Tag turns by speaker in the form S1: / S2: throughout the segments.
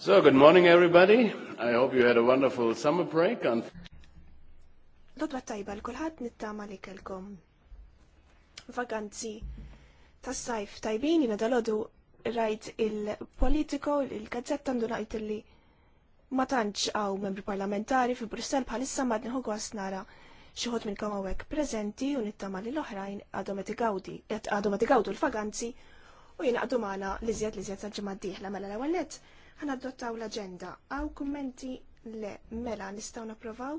S1: So, good morning everybody. I hope you had a wonderful summer break. And...
S2: Lodwa tajba l-kulħat nittama li kelkom vaganzi tas sajf tajbin jina rajt il-politiko, il-gazzetta għandu najt li ma tantx għaw membri parlamentari fi Brussel bħalissa madniħu għas nara xieħot minn kom għawek prezenti u nittama li l-oħrajn għadhom għadhom l-faganzi u jina għadhom għana li zjed li ġimgħa sanġi maddiħla mela l-għallet ħanadottaw l-agenda. Għaw kummenti le mela nistaw naprovaw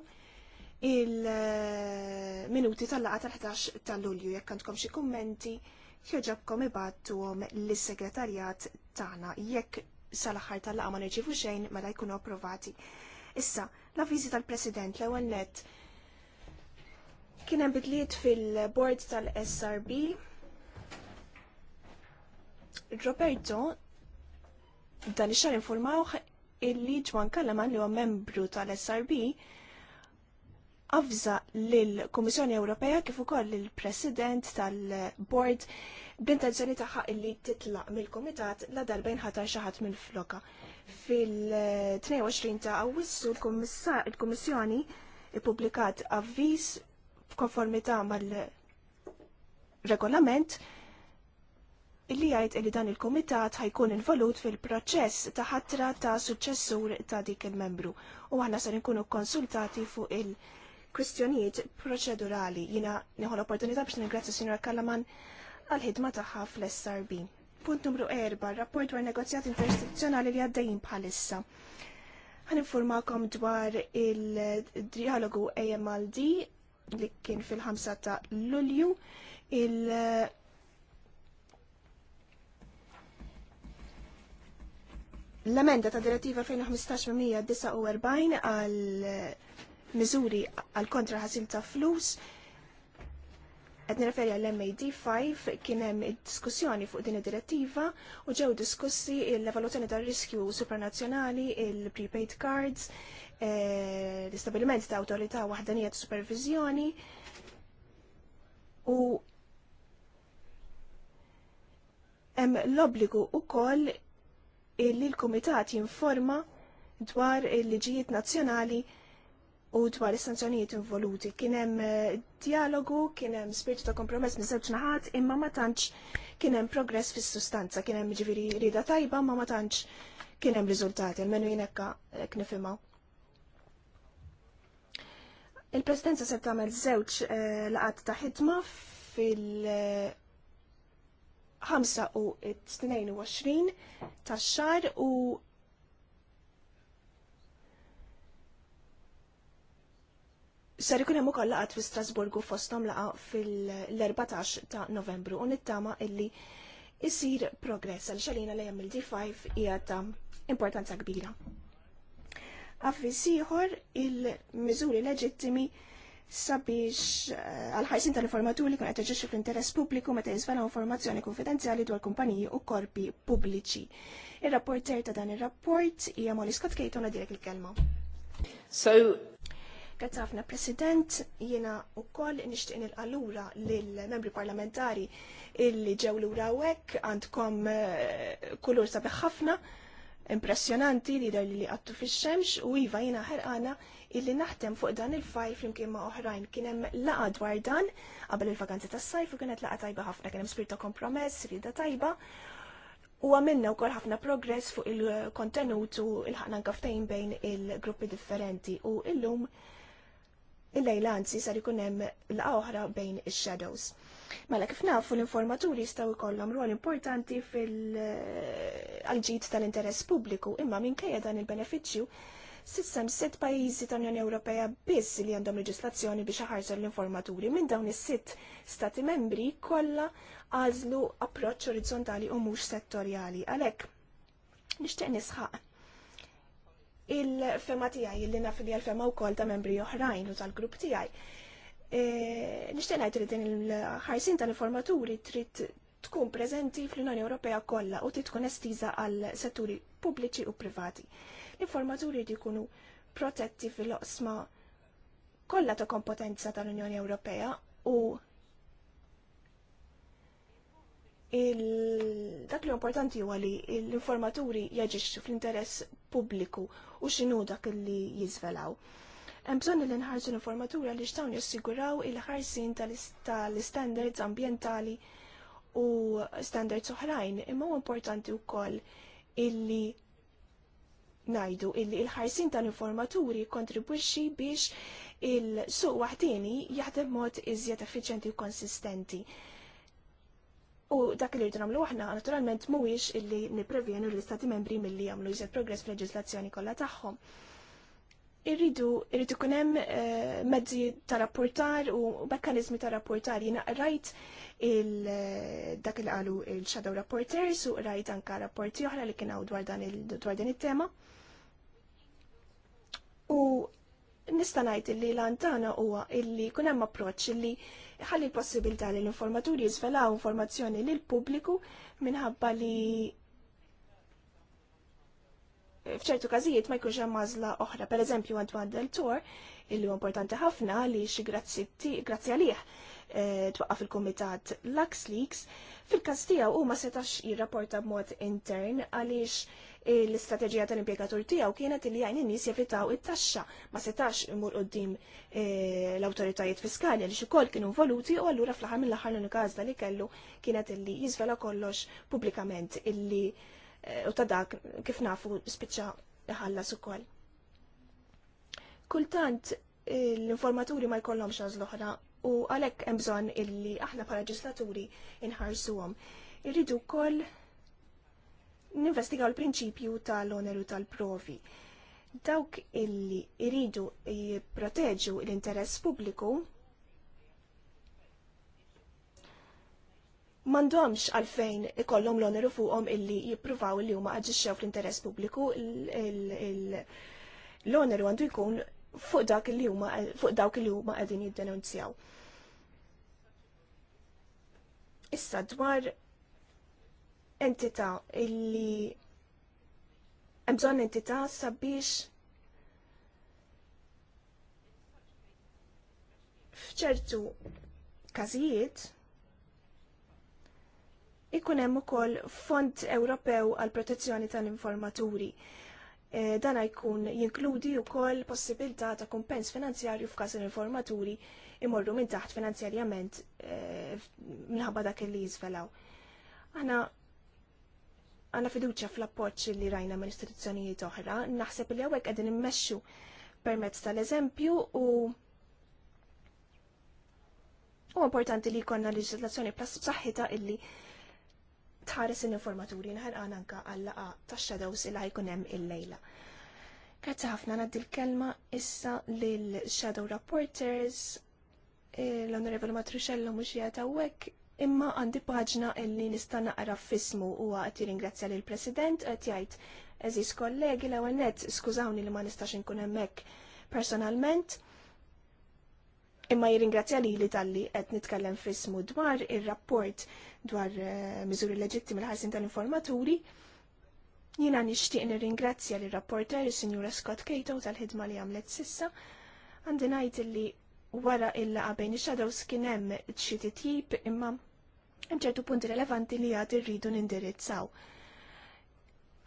S2: il-minuti tal-laqa tal-11 tal-Lulju jekk għandkom xi kummenti ibattu ibattuhom lis-segretarjat tagħna jekk sal-aħħar tal-laqa ma nirċivu xejn mela jkunu approvati. Issa, l-avviżi tal-President l-ewwel nett kien hemm bidliet fil-board tal-SRB Roberto dan ix-xar informawh illi ġwan Kallaman li huwa membru tal-SRB avza lill-Kummissjoni Ewropea kif ukoll il-President tal-Board b'intenzjoni tagħha illi titlaq mill-Kumitat la darbejn ħatar xi ħadd mill-floka. Fil-22 ta' Awwissu il-Kummissjoni ippubblikat avviż f'konformità mal-regolament illi jgħid li dan il-kumitat ħajkun involut fil-proċess ta' ħatra ta' suċċessur ta' dik il-membru u aħna sar nkunu konsultati fuq il-kwistjonijiet proċedurali. Jina neħu l-opportunità biex ningrazzja Sinjora Kallaman għal-ħidma tagħha fl-SRB. Punt numru 4, rapport dwar negozjat interistituzzjonali li għaddejjin bħalissa ħaninformakom dwar il-dialogu AMLD li kien fil-5 ta' Lulju. Il- l-emenda ta' direttiva 2015-149 għal miżuri għal kontra ħasil ta' flus għed nireferi għal MAD 5 kien hemm diskussjoni fuq din id-direttiva u ġew diskussi l-evaluazzjoni tar riskju supranazzjonali, il-prepaid cards, eh, l-istabiliment ta' autorità waħdanija ta' supervizjoni u hemm l-obbligu ukoll illi l-Kumitat jinforma dwar il-liġijiet nazzjonali u dwar is-sanzjonijiet involuti. Kien hemm eh, dialogu, kien hemm spiritu ta' kompromess minn żewġ naħat, imma ma tantx kien hemm progress fis-sustanza, kien hemm rida rieda tajba, ma ma tantx kien hemm riżultati, almenu jinekka knifimaw. Il-Presidenza se tagħmel żewġ eh, laqat ta' ħidma fil- 25 tax-xar u Ser ikun hemm ukoll laqgħat fi Strasburgu fosthom laqa fil-14 ta' Novembru u nittama illi isir progress għal xalina li hemm il-D5 hija ta' importanza kbira. Affis ieħor il-miżuri leġittimi sabiex eh, għal-ħajsin tal-informaturi kun għetġiġi fl-interess pubbliku meta jizvela informazzjoni konfidenzjali dwar kumpaniji u korpi pubbliċi. Il-rapporter ta' dan il-rapport hija Molly Scott Caton għadirek il-kelma. So, Grazzafna President, jiena u koll nishtiqni l għallura lill-membri parlamentari illi ġew l-ura għandkom eh, kulur sabiħ ħafna, impressjonanti li dar li għattu fix-xemx u iva jiena ħerqana illi naħdem fuq dan il-fajl flimkien ma' oħrajn kien hemm laqa dwar dan qabel il-vakanzi tas-sajf u kienet laqa tajba ħafna kien hemm spirit ta' kompromess, rieda tajba. U għamilna wkoll ħafna progress fuq il-kontenut u il-ħakna nkaftejn bejn il-gruppi differenti u illum il-lejla anzi sar ikun hemm laqa oħra bejn ix-shadows. Mela kif nafu l-informaturi jistgħu jkollhom rol importanti fil-ġid tal-interess pubbliku imma minkejja dan il-benefiċċju S'issem sitt pajjiżi tal-Unjoni Ewropea biss li għandhom leġislazzjoni biex ħarsu l-informaturi minn dawn is-sitt stati membri kollha għażlu approċċ orizzontali u mhux settorjali. Għalhekk nixtieq nisħaq il-fema tiegħi li naf li għal-fema wkoll ta' membri oħrajn u tal-grupp tiegħi. E, nixtieq ngħid li din il-ħarsin tal-informaturi trid tkun preżenti fl-Unjoni Ewropea kollha u trid tkun estiża għal setturi pubbliċi u privati informaturi li jkunu protetti fil osma kollha ta' kompetenza tal-Unjoni Ewropea u dak li importanti huwa li l-informaturi jaġixxu fl-interess pubbliku u x'inhu dak li jiżvelaw. Hemm bżonn li nħarsu l-informaturi li x'dawn jassiguraw il-ħarsin tal-standards ambjentali u standards oħrajn, imma importanti wkoll illi najdu illi il-ħarsin tal-informaturi kontribwixxi biex il-suq waħdini jaħdem mod iżjed effiċenti u konsistenti. U dak li rridu nagħmlu aħna naturalment mhuwiex illi nipprevjenu l-istati membri milli jagħmlu iżjed progress fil leġislazzjoni kollha tagħhom. Irridu irridu kun hemm eh, mezzi ta' rapportar u mekkaniżmi ta' rapportar jiena rajt eh, dak li qalu il-shadow rapporters u rajt anka rapporti oħra li kien hawn dwar dan it-tema. U nista' ngħid illi lantana huwa illi kun hemm approċċ illi ħalli l-possibilità li l-informaturi jiżvelaw informazzjoni lil pubbliku minħabba li f'ċertu każijiet ma jkunx hemm mażla oħra. Pereżempju għandu għandel tour illi huwa importanti ħafna li xi grazzi għalih eh, twaqqaf il-Kumitat Lux Leaks, fil-każ tiegħu huma setax jirrapporta b'mod intern għaliex l-istrateġija tal-impjegatur tiegħu kienet li jgħin in-nies jevitaw it-taxxa ma setax imur qudiem eh, l-awtoritajiet fiskali li xikol kienu voluti u allura fl-aħħar mill-aħħar l każda li kellu kienet illi jizvela kollox pubblikament illi eh, u ta' dak kif nafu spiċċa ħallas ukoll. Kultant eh, l-informaturi ma jkollhomx l oħra u għalhekk hemm bżonn illi aħna bħala ġislaturi inħarsuhom. Irridu wkoll ninvestigaw l-prinċipju tal-oneru tal-provi. Dawk illi iridu jipproteġu l-interess pubbliku mandomx għalfejn ikollom l-oneru fuqhom illi jippruvaw li huma aġixxew fl-interess pubbliku l-oneru għandu jkun fuq fuq dawk li huma qegħdin jiddenunzjaw. Issa dwar entità illi hemm bżonn entità sabiex f'ċertu każijiet ikun hemm ukoll Fond Ewropew għal Protezzjoni tal-Informaturi. E, dan jkun jinkludi wkoll possibilità ta' kumpens finanzjarju f'każ l-informaturi imorru minn taħt finanzjarjament e, minħabba dak li jizvelaw. Aħna għanna fiduċa fl-appoċ li rajna minn istituzzjonijiet oħra, naħseb li għawek għedin immexxu permezz tal-eżempju u u importanti li konna leġislazzjoni plas b'saħħita illi tħares l-informaturi nħarqan anka għallaqa ta' shadows illa ħajkun hemm il-lejla. Grazzi ħafna ngħaddi l-kelma issa lil shadow reporters eh, l-Onorevole Matruxello mhux jgħid imma għandi paġna illi nista' naqra fismu u għat ringrazzja lil president qed jgħid eżis kollegi l net skużawni li ma nistax inkun hemmhekk personalment. Imma jirringrazzja li li tal-li qed nitkellem fismu dwar ir-rapport dwar eh, miżuri leġittimi l ħazin tal-informaturi. Jina nixtieq nirringrazzja lir rapporter is-Sinjura Scott Cato tal-ħidma li għamlet sissa. Għandi ngħid li wara illa qabejn ix-shadows kien hemm xi titjib imma Hemm ċertu punti relevanti li għad irridu nindirizzaw.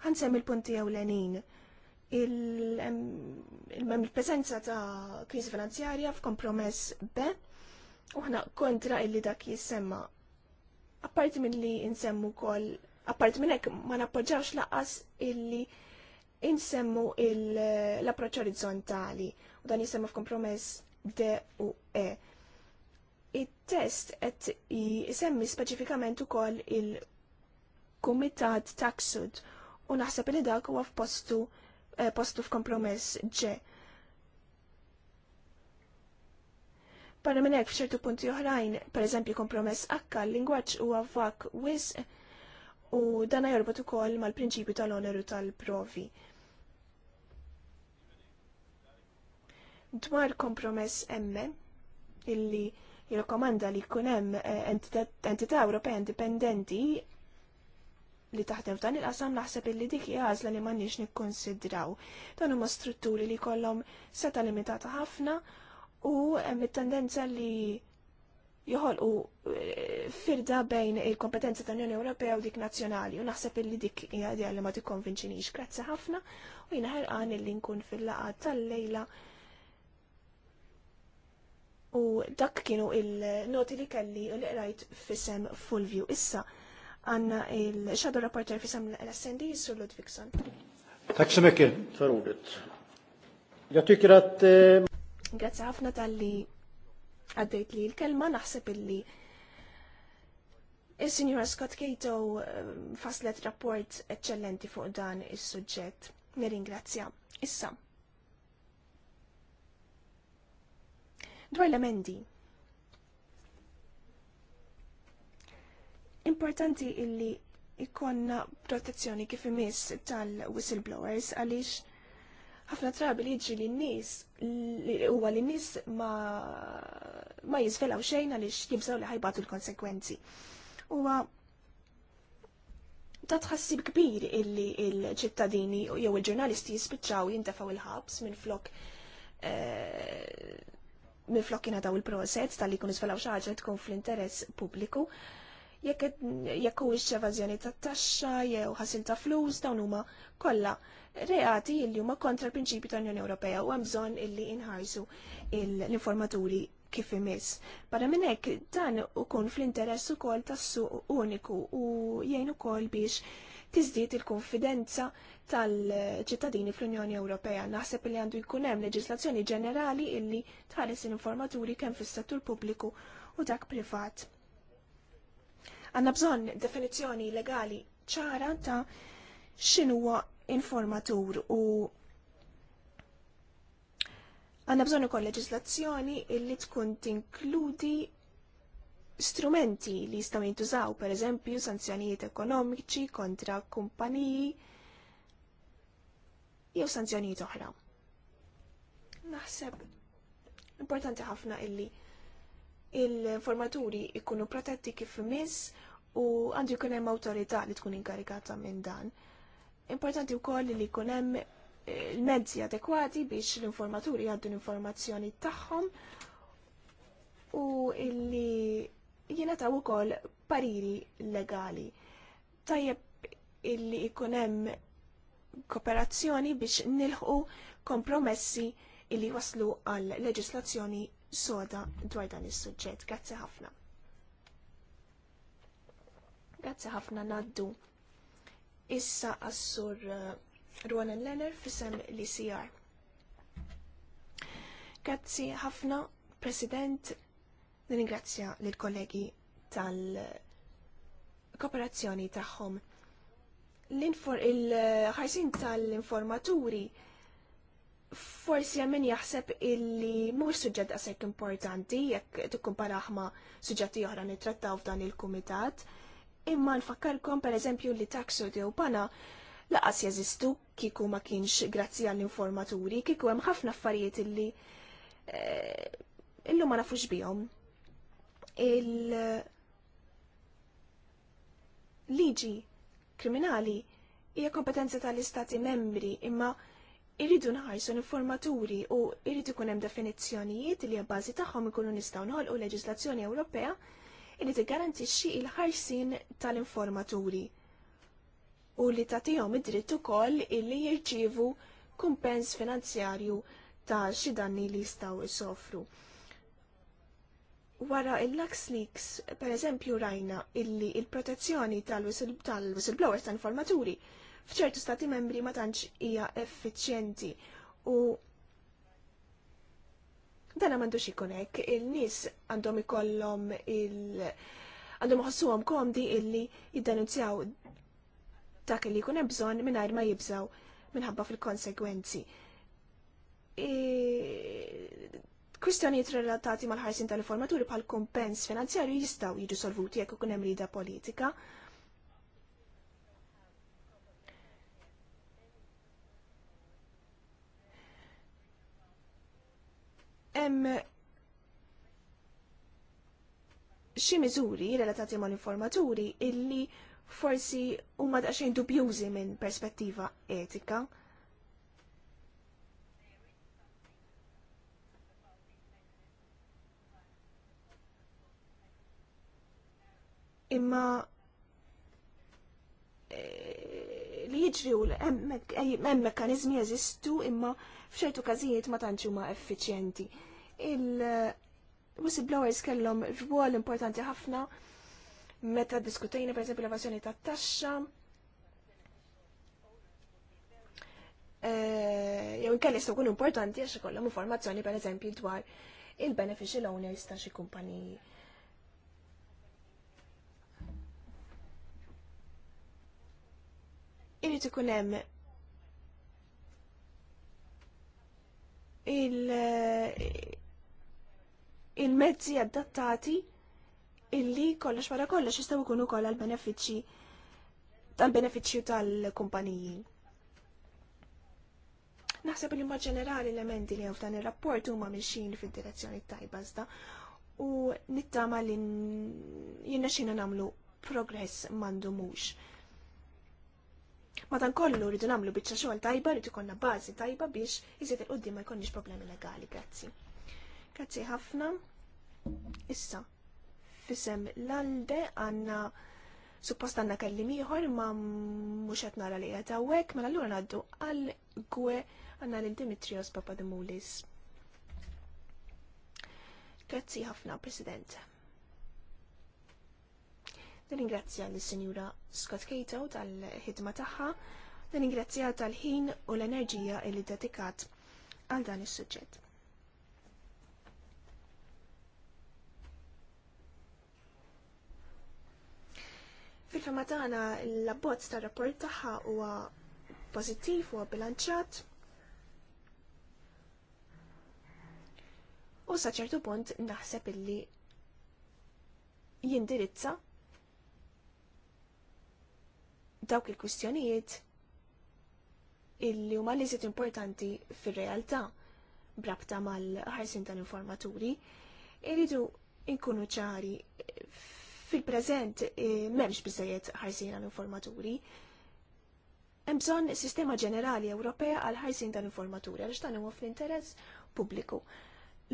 S2: Ħansem il-punti ewlenin il-prezenza ta' kriżi finanzjarja f'kompromess B u ħna kontra illi dak jissemma. Apparti minn li insemmu kol, apparti minn hekk ma nappoġġawx laqas illi insemmu l-approċċ orizzontali u dan jissemma f'kompromess D u E it-test qed jisemmi speċifikament ukoll il-Kumitat Taksud u naħseb li dak huwa f'postu eh, postu f'kompromess ġe. Parra minn hekk f'ċertu punti oħrajn, pereżempju kompromess akka l-lingwaġġ huwa vak wis u dan jorbot ukoll mal-prinċipju tal u tal-provi. Dwar kompromess emme illi jirkomanda li jkun hemm eh, entità Ewropea indipendenti li taħdem f'dan il-qasam naħseb illi dik għażla li m'għandniex nikkonsidraw. Dan huma strutturi li jkollhom seta limitata ħafna u hemm it-tendenza li joħolqu eh, firda bejn il-kompetenza tal-Unjoni Ewropea u dik nazzjonali u naħseb illi dik hija li ma tikkonvinċinix. Grazzi ħafna u jiena ħerqan illi nkun fil-laqgħa tal-lejla U dak kienu il-noti li kelli u li rajt fisem view. Issa għanna il-Shadow Rapporter fisem l-SND Sur Ludvigson.
S3: Tak så mycket för ordet. Jag tycker att... Eh,
S2: Grazie ħafna tal-li għaddejt li l-kelma naħseb illi il-Signora Scott Cato eh, faslet rapport eccellenti fuq dan is-suġġett. Nirringrazzja. Issa, Dwar l-emendi. Importanti illi ikonna protezzjoni kif imiss tal-whistleblowers għaliex ħafna trabi li jġri li n-nis, huwa li n-nis ma, ma jizvelaw xejn għaliex jibżaw li ħajbatu l-konsekwenzi. Huwa ta' tħassib kbir illi il-ċittadini jew il-ġurnalisti jispiċċaw jintefaw il-ħabs minn flok eh, minflok kien daw il proset tal-li kun isfalaw xaġet tkun fl-interess pubbliku. Jekk jekk evazjoni evażjoni tat-taxxa jew ħasil ta' flus dawn huma kollha reati li huma kontra l-prinċipju tal-Unjoni Ewropea u hemm bżonn illi inħarsu l-informaturi kif imiss. Barra minn hekk dan ukun fl-interess ukoll tas-suq uniku u jgħin ukoll biex tiżdied il-konfidenza tal-ċittadini fl-Unjoni Ewropea. Naħseb li għandu jkun hemm leġislazzjoni ġenerali illi tħares l-informaturi kemm fis-settur pubbliku u dak privat. Għandna bżonn definizzjoni legali ċara ta' x'inhuwa informatur u għandna bżonn ukoll leġislazzjoni illi tkun tinkludi strumenti li jistaw jintużaw, per eżempju, sanzjonijiet ekonomiċi kontra kumpaniji jew sanzjonijiet oħra. Naħseb importanti ħafna illi il-formaturi ikunu protetti kif miss u għandu jkun hemm awtorità li tkun inkarikata minn dan. Importanti wkoll li jkun hemm il-mezzi eh, adekwati biex l-informaturi għaddu l-informazzjoni tagħhom u illi jiena ta' ukoll pariri legali. Tajjeb illi ikun hemm kooperazzjoni biex nilħu kompromessi illi waslu għal leġislazzjoni soda dwar dan is-suġġett. Grazzi ħafna. Grazzi ħafna naddu. Issa assur uh, Ruanen Lenner fisem l-ICR. Grazzi ħafna, President, Nirringrazzja lill kollegi tal-kooperazzjoni tagħhom. Il-ħarsin tal-informaturi forsi għamin jaħseb illi mux suġġett għasek importanti jekk tikkumparah ma suġġetti oħra nittrattaw f'dan il-kumitat, imma nfakkarkom per eżempju li taksu u pana laqas jeżistu kiku ma kienx grazzi għall-informaturi, kiku hemm ħafna affarijiet illi eh, illum ma nafux bihom il-liġi kriminali hija kompetenza tal-istati membri imma irridu naħarsu informaturi u irridu ikun hemm definizzjonijiet li għabbażi tagħhom ikunu nistgħu noħolqu leġislazzjoni Ewropea li tiggarantixxi il-ħarsin tal-informaturi u li tagħtihom id-dritt ukoll illi jirċievu kumpens finanzjarju ta' xi danni li jistgħu jsofru wara il-Lux Leaks, per eżempju, rajna illi il-protezzjoni tal-whistleblowers tal-informaturi fċertu stati membri ma tantx hija effiċjenti u dan m'għandux ikun hekk, il-nies għandhom ikollhom il- għandhom ħossuhom komdi illi jiddenunzjaw dak li jkun hemm bżonn mingħajr ma jibżaw minħabba fil-konsegwenzi. E Kwistjonijiet relatati mal-ħarsin tal-informaturi bħal kompens finanzjarju jistaw jiġu solvuti jekk ikun hemm rida politika. Hemm xi miżuri relatati mal-informaturi illi forsi huma daqsxejn dubjużi minn perspettiva etika. imma eh, li jiġri u hemm mekkaniżmi jeżistu imma f'ċertu każijiet ma tantx huma effiċjenti. Il-whistleblowers eh, kellhom rwol importanti ħafna meta diskutejna esempio l-evasjoni tat-taxxa. Eh, jew inkella jistgħu jkunu importanti għax ikollhom informazzjoni pereżempju dwar il-beneficial owners ta' xi kumpaniji. irrid ikun hemm eh, il-mezzi adattati illi kollox wara kollox jistgħu jkunu kollha l-benefiċċji tal-benefiċċju tal-kumpaniji. Naħseb li ma ġenerali elementi li f'dan ir-rapport huma mixin fid-direzzjoni tajba iżda u nittama li jiena xina nagħmlu progress m'għandu mhux. Madankollu rridu nagħmlu biċċa xogħol tajba rridu konna bażi tajba biex iżjed il-qudiem ma jkollniex problemi legali, grazzi. Grazzi ħafna. Issa, fisem l-alde għandna suppost għandna kellim ieħor ma mhux qed nara li qed hawnhekk, mela allura ngħaddu għal gwe għandna lil Dimitrios Papadimulis. Grazzi ħafna, President. Nirringrazzja l-Sinjura Scott Cato tal-ħidma tagħha, nirringrazzja tal-ħin u l-enerġija li dedikat għal dan is-suġġett. Fil-fema tagħna l-abbozz tar-rapport tagħha huwa pożittiv huwa bilanċjat. U sa ċertu punt naħseb illi jindirizza dawk il-kwistjonijiet illi huma li importanti fir-realtà brabta mal-ħarsin tal-informaturi irridu inkunu ċari fil-preżent eh, m'hemmx biżejjed ħarsin tal-informaturi. Hemm bżonn sistema ġenerali Ewropea għal ħarsin tal-informaturi għaliex dan huwa fl-interess pubbliku.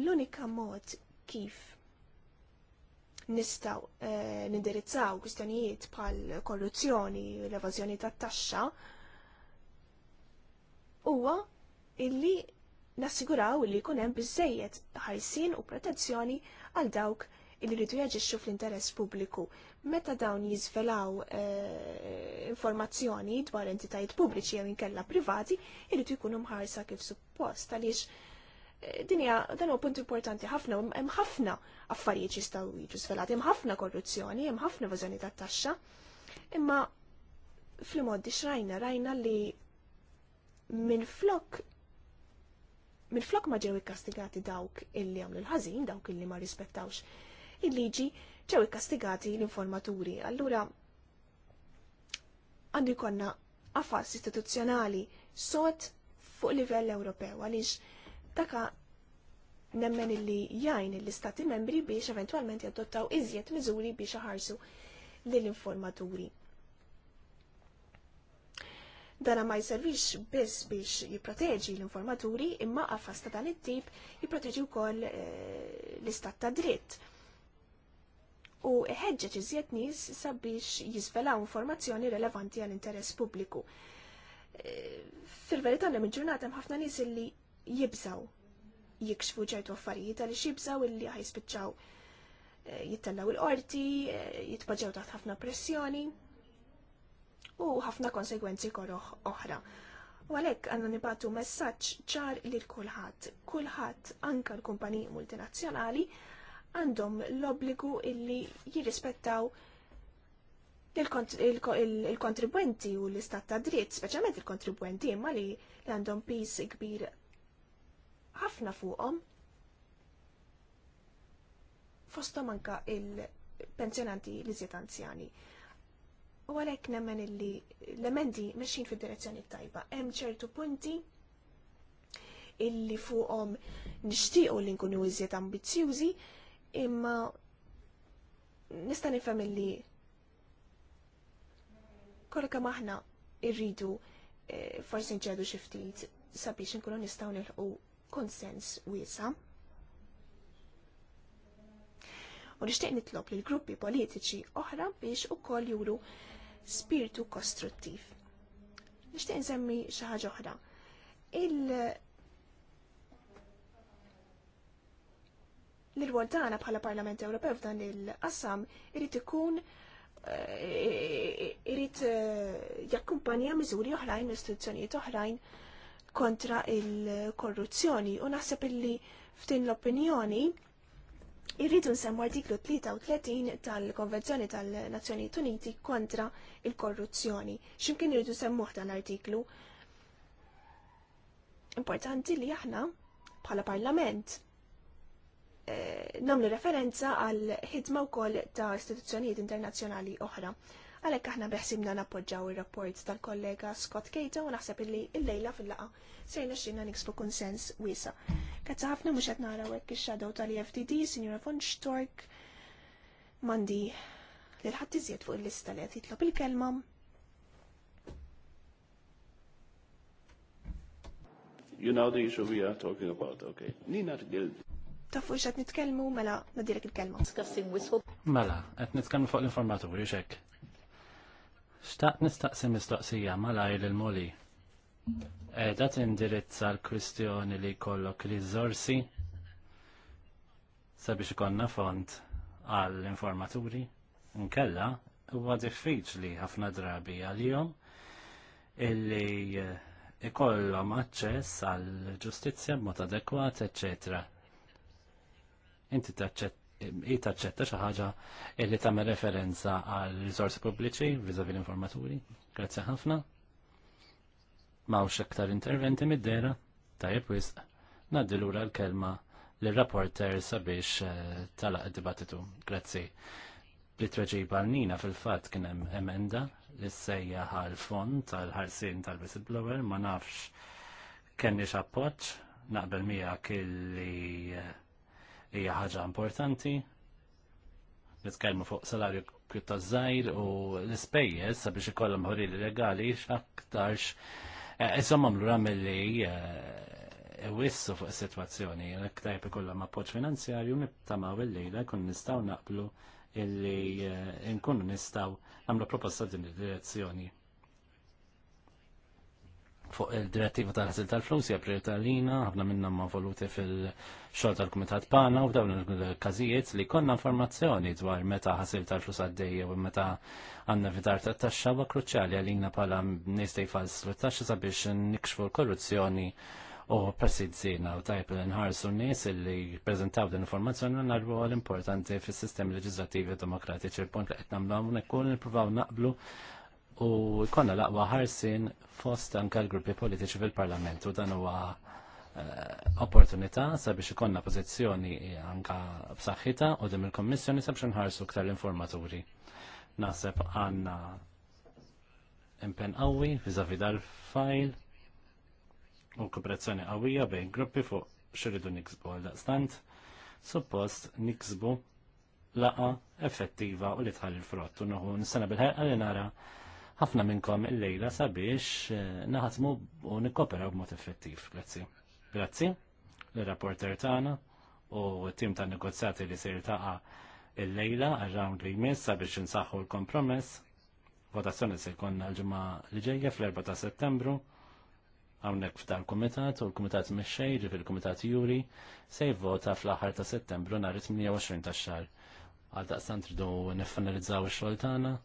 S2: L-unika mod kif nistaw eh, nindirizzaw kwistjonijiet bħal korruzzjoni, l-evażjoni tat-taxxa, huwa illi nassiguraw li jkun hemm biżejjed ħajsin u protezzjoni għal dawk illi rridu jaġixxu fl-interess pubbliku. Meta dawn jiżvelaw eh, informazzjoni dwar entitajiet pubbliċi jew inkella privati, irridu jkunu mħarsa kif suppost għaliex dinja dan huwa punt importanti ħafna hemm ħafna affarijiet jistgħu jiġu svelati, hemm ħafna korruzzjoni, hemm ħafna evażjoni tat-taxxa. Imma fl-modi xrajna rajna li minn flok minn flok ma ġew ikkastigati dawk illi għamlu l-ħażin, dawk illi ma rispettawx il-liġi, ġew ikkastigati l-informaturi. Allura għandu jkollna affas istituzzjonali sot fuq livell Ewropew għaliex Daka nemmen illi jajn illi istati membri biex eventualment jadottaw iżjed miżuri biex ħarsu lill-informaturi. Dana ma jservix biss biex jipproteġi l-informaturi imma għafas ta' dan it-tip jipproteġi wkoll eh, l-istat ta' dritt. U ħeġġeġ iżjed nies sabiex jizvelaw informazzjoni relevanti għall interess pubbliku. Eh, fil-verità hemm ġurnata hemm ħafna nies illi jibżaw jikxfu ċertu affarijiet għaliex jibżaw illi ħajspiċċaw eh, jittellaw il-qorti, eh, jitpoġġew taħt ħafna pressjoni u ħafna konsegwenzi korroħ oħra. U għalhekk għandna nibatu messaġġ ċar lil kulħadd. Kulħadd anke l-kumpaniji multinazzjonali għandhom l-obbligu illi jirrispettaw il-kontribwenti u l-istat ta' dritt, speċjalment il-kontribwenti imma li għandhom pis kbir ħafna fuqhom. Fostom anka il-pensjonanti li ziet anzjani. U għalhekk nemmen illi l-emendi mexin fid-direzzjoni tajba. Hemm ċertu punti illi fuqhom nixtiequ li nkunu iżjed ambizzjużi, imma nista' nifhem illi kolka maħna irridu eh, forsi nċedu xi ftit sabiex nkunu nistgħu nilħu konsens wiesa. U nixtieq nitlob lil gruppi politiċi oħra biex ukoll juru spiritu kostruttiv. Nixtieq nsemmi xi ħaġa oħra. Il l-rwol tagħna bħala Parlament Ewropew f'dan il-qassam irid ikun eh, irrit eh, jakkumpanja miżuri oħrajn, istituzzjonijiet oħrajn kontra il-korruzzjoni u naħseb illi ftin l-opinjoni irridu nsemmu artiklu 33 tal-Konvenzjoni tal-Nazzjoni Uniti kontra il-korruzzjoni. Ximkien irridu nsemmu dan artiklu. Importanti li aħna bħala parlament eh, namlu referenza għal ħidma wkoll ta' istituzzjonijiet internazzjonali oħra. Għalhekk aħna beħsibna nappoġġaw ir-rapport tal-kollega Scott Cato u naħseb illi il-lejla fil-laqa sejna xina nixfu konsens wiesa. Kazza ħafna mhux qed naraw hekk ix-shadow tal-EFTD, Sinjura von Stork, mandi lil ħadd iżjed fuq il-lista li qed jitlob il-kelma.
S3: You know the issue we are talking about, okay. Nina Gild.
S2: Tafu xat nitkelmu, mela, nadirek il-kelma.
S3: Mela, għet nitkelmu fuq l-informaturi, xek. Xtaqt nistaqsi mistoqsija lajl il-moli. Edha indirizza l-kwistjoni li kollok rizorsi sabiex ikonna font għall-informaturi. Nkella, huwa diffiċli ħafna drabi għal-jom illi eh, ikollhom aċċess għall ġustizzja b'mod adekwat, eccetera. Inti taċċett i taċċetta xi ħaġa li tagħmel referenza għal risorsi pubbliċi viżavi l-informaturi. Grazzi ħafna. Mawx aktar interventi mid-dera, tajjeb wisq. Ngħaddi lura l-kelma l-rapporter sabiex eh, talaq id-dibattitu. Grazzi. Bit-tweġiba għal-nina fil-fat kien hemm emenda li sejja għal-fond tal-ħarsin tal-whistleblower ma nafx kenniex appoġġ naqbel miegħek illi. Eh, hija ħaġa importanti. Nitkellmu fuq salarju pjuttost żgħir u l-ispejjeż sabiex ikollhom ħorili legali x'aktarx eh, Insomma, mlura mill-li eh, wissu fuq is-sitwazzjoni, l tajjeb ikollhom appoġġ finanzjarju nittamaw il-lejla kun nistgħu naqblu illi eh, nkunu nistgħu nagħmlu proposta din id-direzzjoni fuq il-direttiva tal-ħasil tal-flus hija prioritarina, ħafna minna ma voluti fil-xogħol tal-Kumitat Pana u dawn il-każijiet li konna informazzjoni dwar meta ħasil tal-flus għaddejja u meta għandna vidar tat-taxxa huwa kruċjali għalina bħala nistej falslu t-taxxa sabiex nikxfu l-korruzzjoni u pressid u tajb l-nħarsu n-nis li prezentaw din informazzjoni narbu għal-importanti fis sistemi leġislativi demokratiċi il-punt li qed nagħmluhom nekkun nippruvaw naqblu u konna laqwa ħarsin fost anke l-gruppi politiċi fil-Parlament u dan huwa eh, opportunità sabiex ikonna pożizzjoni anka b'saħħitha u dim il-Kommissjoni sabiex nħarsu ktar l-informaturi. Naħseb għandna impen qawwi viżavi dal-fajl u kooperazzjoni qawwija bejn gruppi fuq xiridu niksbu għal daqstant suppost niksbu laqa effettiva u li tħalli l-frott u noħu nistana bil-ħerqa li nara ħafna minnkom il-lejla sabiex eh, naħatmu u nikkoperaw b'mod effettiv. Grazzi. Grazzi l-rapporter tagħna u tim ta' negozjati li ser ta' il-lejla għarrawn li jmiss sabiex nsaħħu l-kompromess. Votazzjoni se jkollna l-ġimgħa li ġejja fl-4 ta' Settembru hawnhekk f'dan kumitat u l-kumitat mexxej ġif il-kumitat Juri se jivvota fl-aħħar ta' Settembru nhar 28 tax-xahar. Għal daqstant tridu nifinalizzaw ix-xogħol tagħna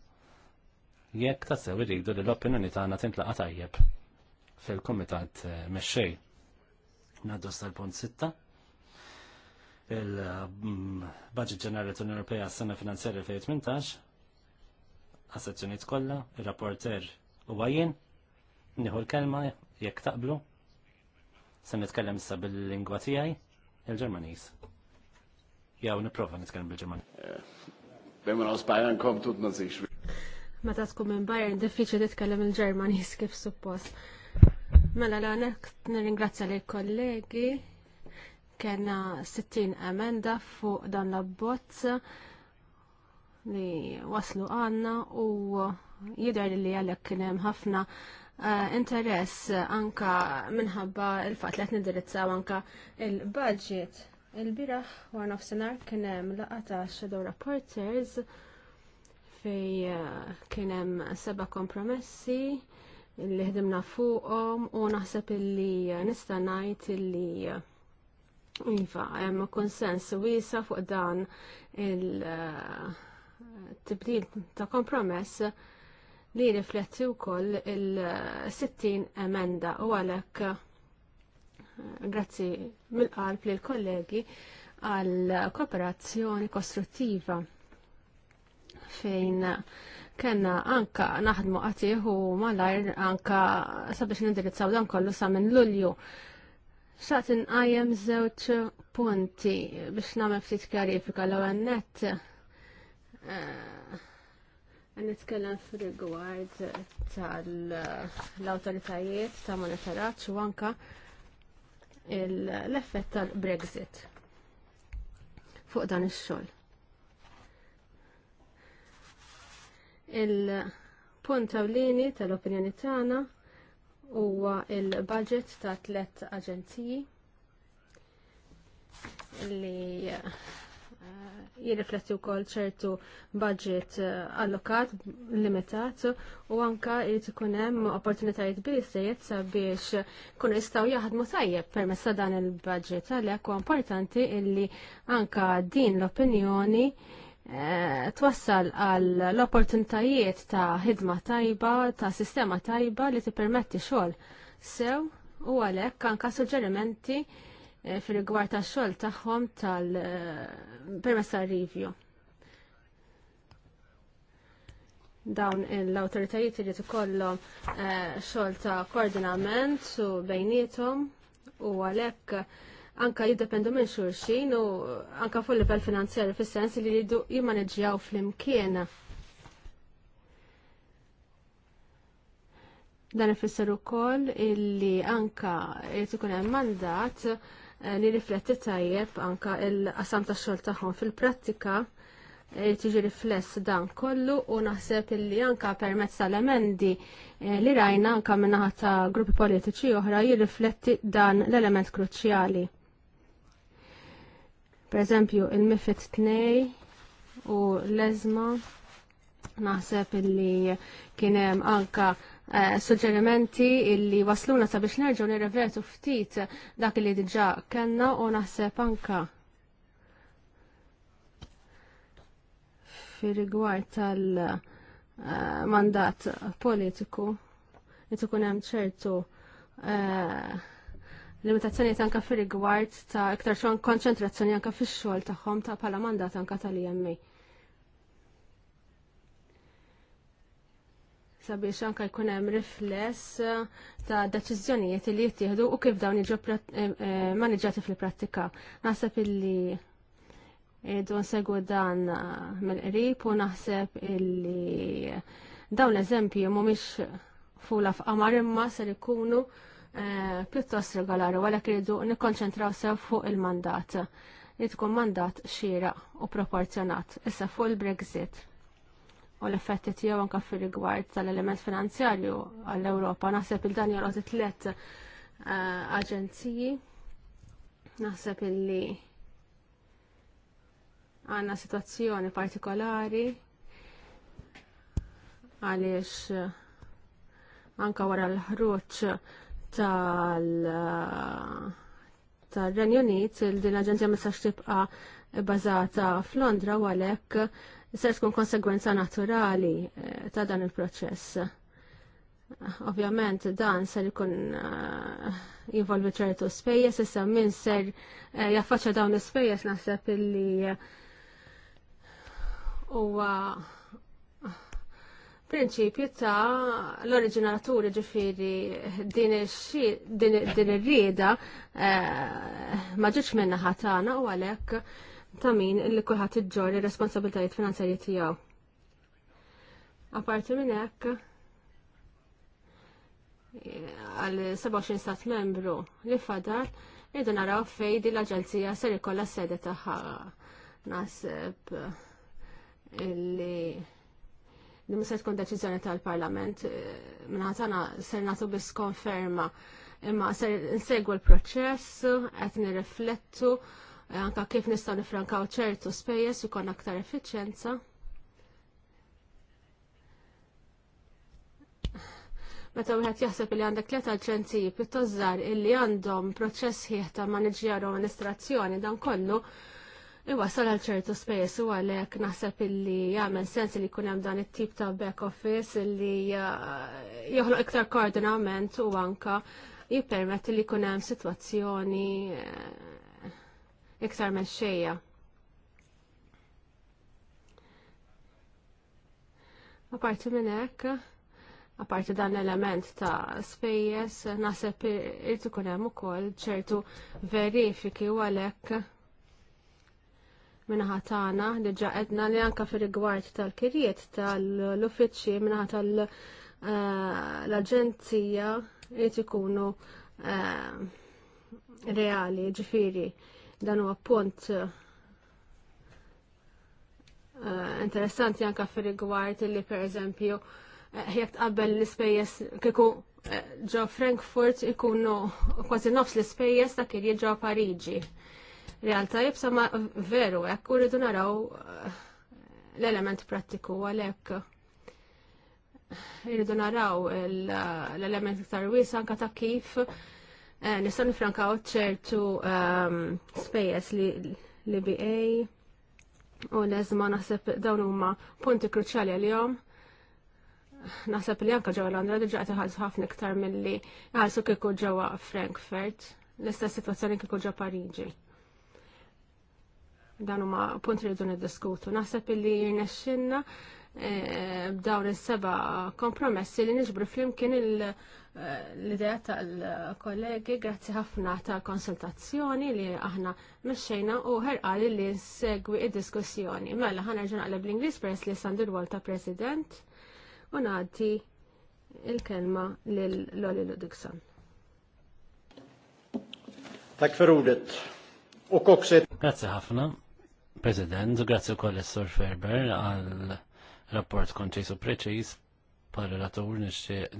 S3: jekk tassew irridu li l-opinjoni tagħna tintlaqa' tajjeb fil-kumitat eh, mexxej. Naddu sal-punt sitta. Il-Budget Ġenerali tal Ewropea s-sena finanzjarja 2018 għas-sezzjonijiet kollha, ir-rapporter huwa jien, nieħu l-kelma jekk taqblu. Se nitkellem issa bil-lingwa tiegħi, il-Ġermaniż. Jew nipprova nitkellem bil-Ġermaniż. Bemmen eh, għaw aus Bayern tut man
S4: Meta tkun minn Bayern diffiċli titkellem il-Ġermanis kif suppost. Mela l nirringrazzja li kollegi kena 60 emenda fuq dan l-abbozz li waslu għanna u jidher li għalek kienem ħafna Uh, interess anka minħabba il-fat li nindirizzaw anka il-budget. Il-biraħ war nofsenar kien hemm laqgħa ta' Shadow Reporters fej eh, kienem seba kompromessi li ħdimna fuqhom u naħseb illi eh, nista' ngħid illi eh, iva hemm konsens wiesa fuq dan il-tibdil ta' kompromess li rifletti wkoll il-60 emenda u għalhekk grazzi mill-qalb lill kollegi għal kooperazzjoni kostruttiva fejn kena anka naħdmu għatiħu u malajr anka sabiex nindirizzaw dan kollu sa minn lulju. Xaqt għajem zewċ punti biex namen ftit kjarifika l għannet. Eh, nitkellem fil-rigward tal-autoritajiet ta' monetarat u anka l-effett tal-Brexit fuq dan ix-xogħol. Il-punt ewlieni tal-opinjoni tagħna huwa il-budget ta' tliet aġenziji li eh, jirrifletti wkoll ċertu budget eh, allokat, limitat, u anka jrid ikun hemm opportunitajiet biżejjed sabiex kunu jistgħu jaħdmu tajjeb permezz ta' dan il-budget għalhekk huwa importanti illi anka din l-opinjoni Eh, twassal għal l-opportunitajiet ta' ħidma tajba, ta' sistema tajba li tippermetti xogħol sew u għalhekk ka' suġġerimenti eh, fil-rigward ta' xogħol tagħhom tal-permess eh, ta' review. Dawn l-awtoritajiet irid ikollhom xogħol ta' koordinament u bejnietom u għalhekk anka jiddependu minn xurxin u anka fuq livell finanzjarju fis-sens li jridu jimmaneġjaw fl-imkien. Dan ifisser ukoll illi anka jrid ikun hemm mandat eh, li rifletti tajjeb anka l qasam tax-xogħol tagħhom fil-prattika tiġi rifless dan kollu u naħseb li anka permezz tal-emendi eh, li rajna anka naħa ta' gruppi politiċi oħra jirrifletti dan l-element kruċjali. Per eżempju, il-Mifid tnej u l-Ezma naħseb illi kienem anka uh, suġġerimenti illi wasluna sabiex nerġu nirrevertu ftit dak li diġa kellna u naħseb anka fir rigward tal-mandat eh, uh, politiku li tkun hemm ċertu uh, limitazzjoni tanka fir-rigward ta' iktar xon konċentrazzjoni anka fix-xogħol tagħhom ta' bħala mandat anka tal-IMA. sabiex anka jkun hemm rifless eh, ta' deċiżjonijiet li jittieħdu u kif dawn jiġu eh, eh, maniġġati fil-prattika. Naħseb illi idu nsegwu dan mill-qrib u naħseb illi dawn l-eżempji mhumiex fula f'qamar imma ser ikunu Eh, pjuttost regolari u kridu nikkonċentraw sew fuq il-mandat li tkun mandat xira u proporzjonat issa fuq il-Brexit u l-effetti tiegħu anke fir-rigward tal-element finanzjarju għall-Ewropa. Naħseb il-dan jorqod tliet eh, aġenziji. Naħseb illi għandna sitwazzjoni partikolari għaliex anka wara l-ħruġ tal tal-Renju Unit din l-Aġenzja ma sax tibqa' bażata f'Londra u għalhekk se tkun konsegwenza naturali eh, ta' dan il-proċess. Ovvjament dan ser ikun eh, jinvolvi ċertu spejjeż, issa min ser eh, jaffaċċja dawn l-spejjeż naħseb illi huwa uh, il-prinċipju ta' l-oriġinaturi ġifiri din ir-rieda eh, ma ġietx minna ħatana u għalhekk ta' min li kulħadd iġġor ir-responsabiltajiet finanzjarji tiegħu. Aparti minn hekk għal 27 stat membru li fadal irdu naraw fejn di l-aġenzija ser ikollha sede tagħha naseb illi li ma se tkun deċiżjoni tal-Parlament eh, minħatana ser nagħtu biss konferma imma ser nsegwu l-proċess qed nirriflettu eh, anka kif nistgħu nifrankaw ċertu spejjeż ikun aktar effiċenza. meta wieħed jaħseb li għandek tliet aġenziji pjuttost żgħar illi għandhom proċess ħieħ ta' maniġjar u amministrazzjoni dan kollu iwasal għal ċertu spejjeż u għalhekk naħseb illi jagħmel sens li jkun hemm dan it-tip ta' back office illi uh, joħloq iktar koordinament u anka jippermetti li jkun hemm sitwazzjoni uh, iktar mexxejja. Aparti minn hekk, aparti dan l-element ta' spejjeż naħseb irtu ikun hemm ukoll ċertu verifiki u għalhekk minnaħa tagħna diġà qedna li anke fir-rigward tal-kirjiet tal-uffiċċji minnaħa tal-aġenzija eh, jrid ikunu eh, reali, ġifiri, dan huwa punt eh, interessanti anke fir-rigward li pereżempju jekk tqabbel l-ispejjeż kieku ġo Frankfurt ikunu kważi nofs l-ispejjeż ta' kien ġo Pariġi realtà jibsa ma veru jekk u rridu naraw eh, l-element prattiku għalek eh, irridu naraw l-element iktar wiesa anka ta' kif franka eh, nifrankaw ċertu ehm, spejjeż li l-BA u l-ezma naħseb dawn huma punti kruċjali għal-jom naħseb li anka ġewwa Londra diġà iħallsu ħafna iktar milli ħalsu kiku ġewwa Frankfurt, l-istess sitwazzjoni kieku ġewwa Pariġi dan huma punt li rridu niddiskutu. Naħseb illi jirnexxinna eh, b'dawn is-seba kompromessi li niġbru flimkien eh, l-idea tal-kollegi grazzi ħafna tal-konsultazzjoni li aħna mexxejna u ħerqali li nsegwi id-diskussjoni. Mela ħanerġa' naqleb l-Ingliż peress li Sandur Walta ta' President u ngħaddi il-kelma lil loli Ludikson.
S3: Tak ferudet. ordet. Och Grazie ħafna. President, grazzi wkoll is-Sur Ferber għal rapport konċis u preċis pal-relatur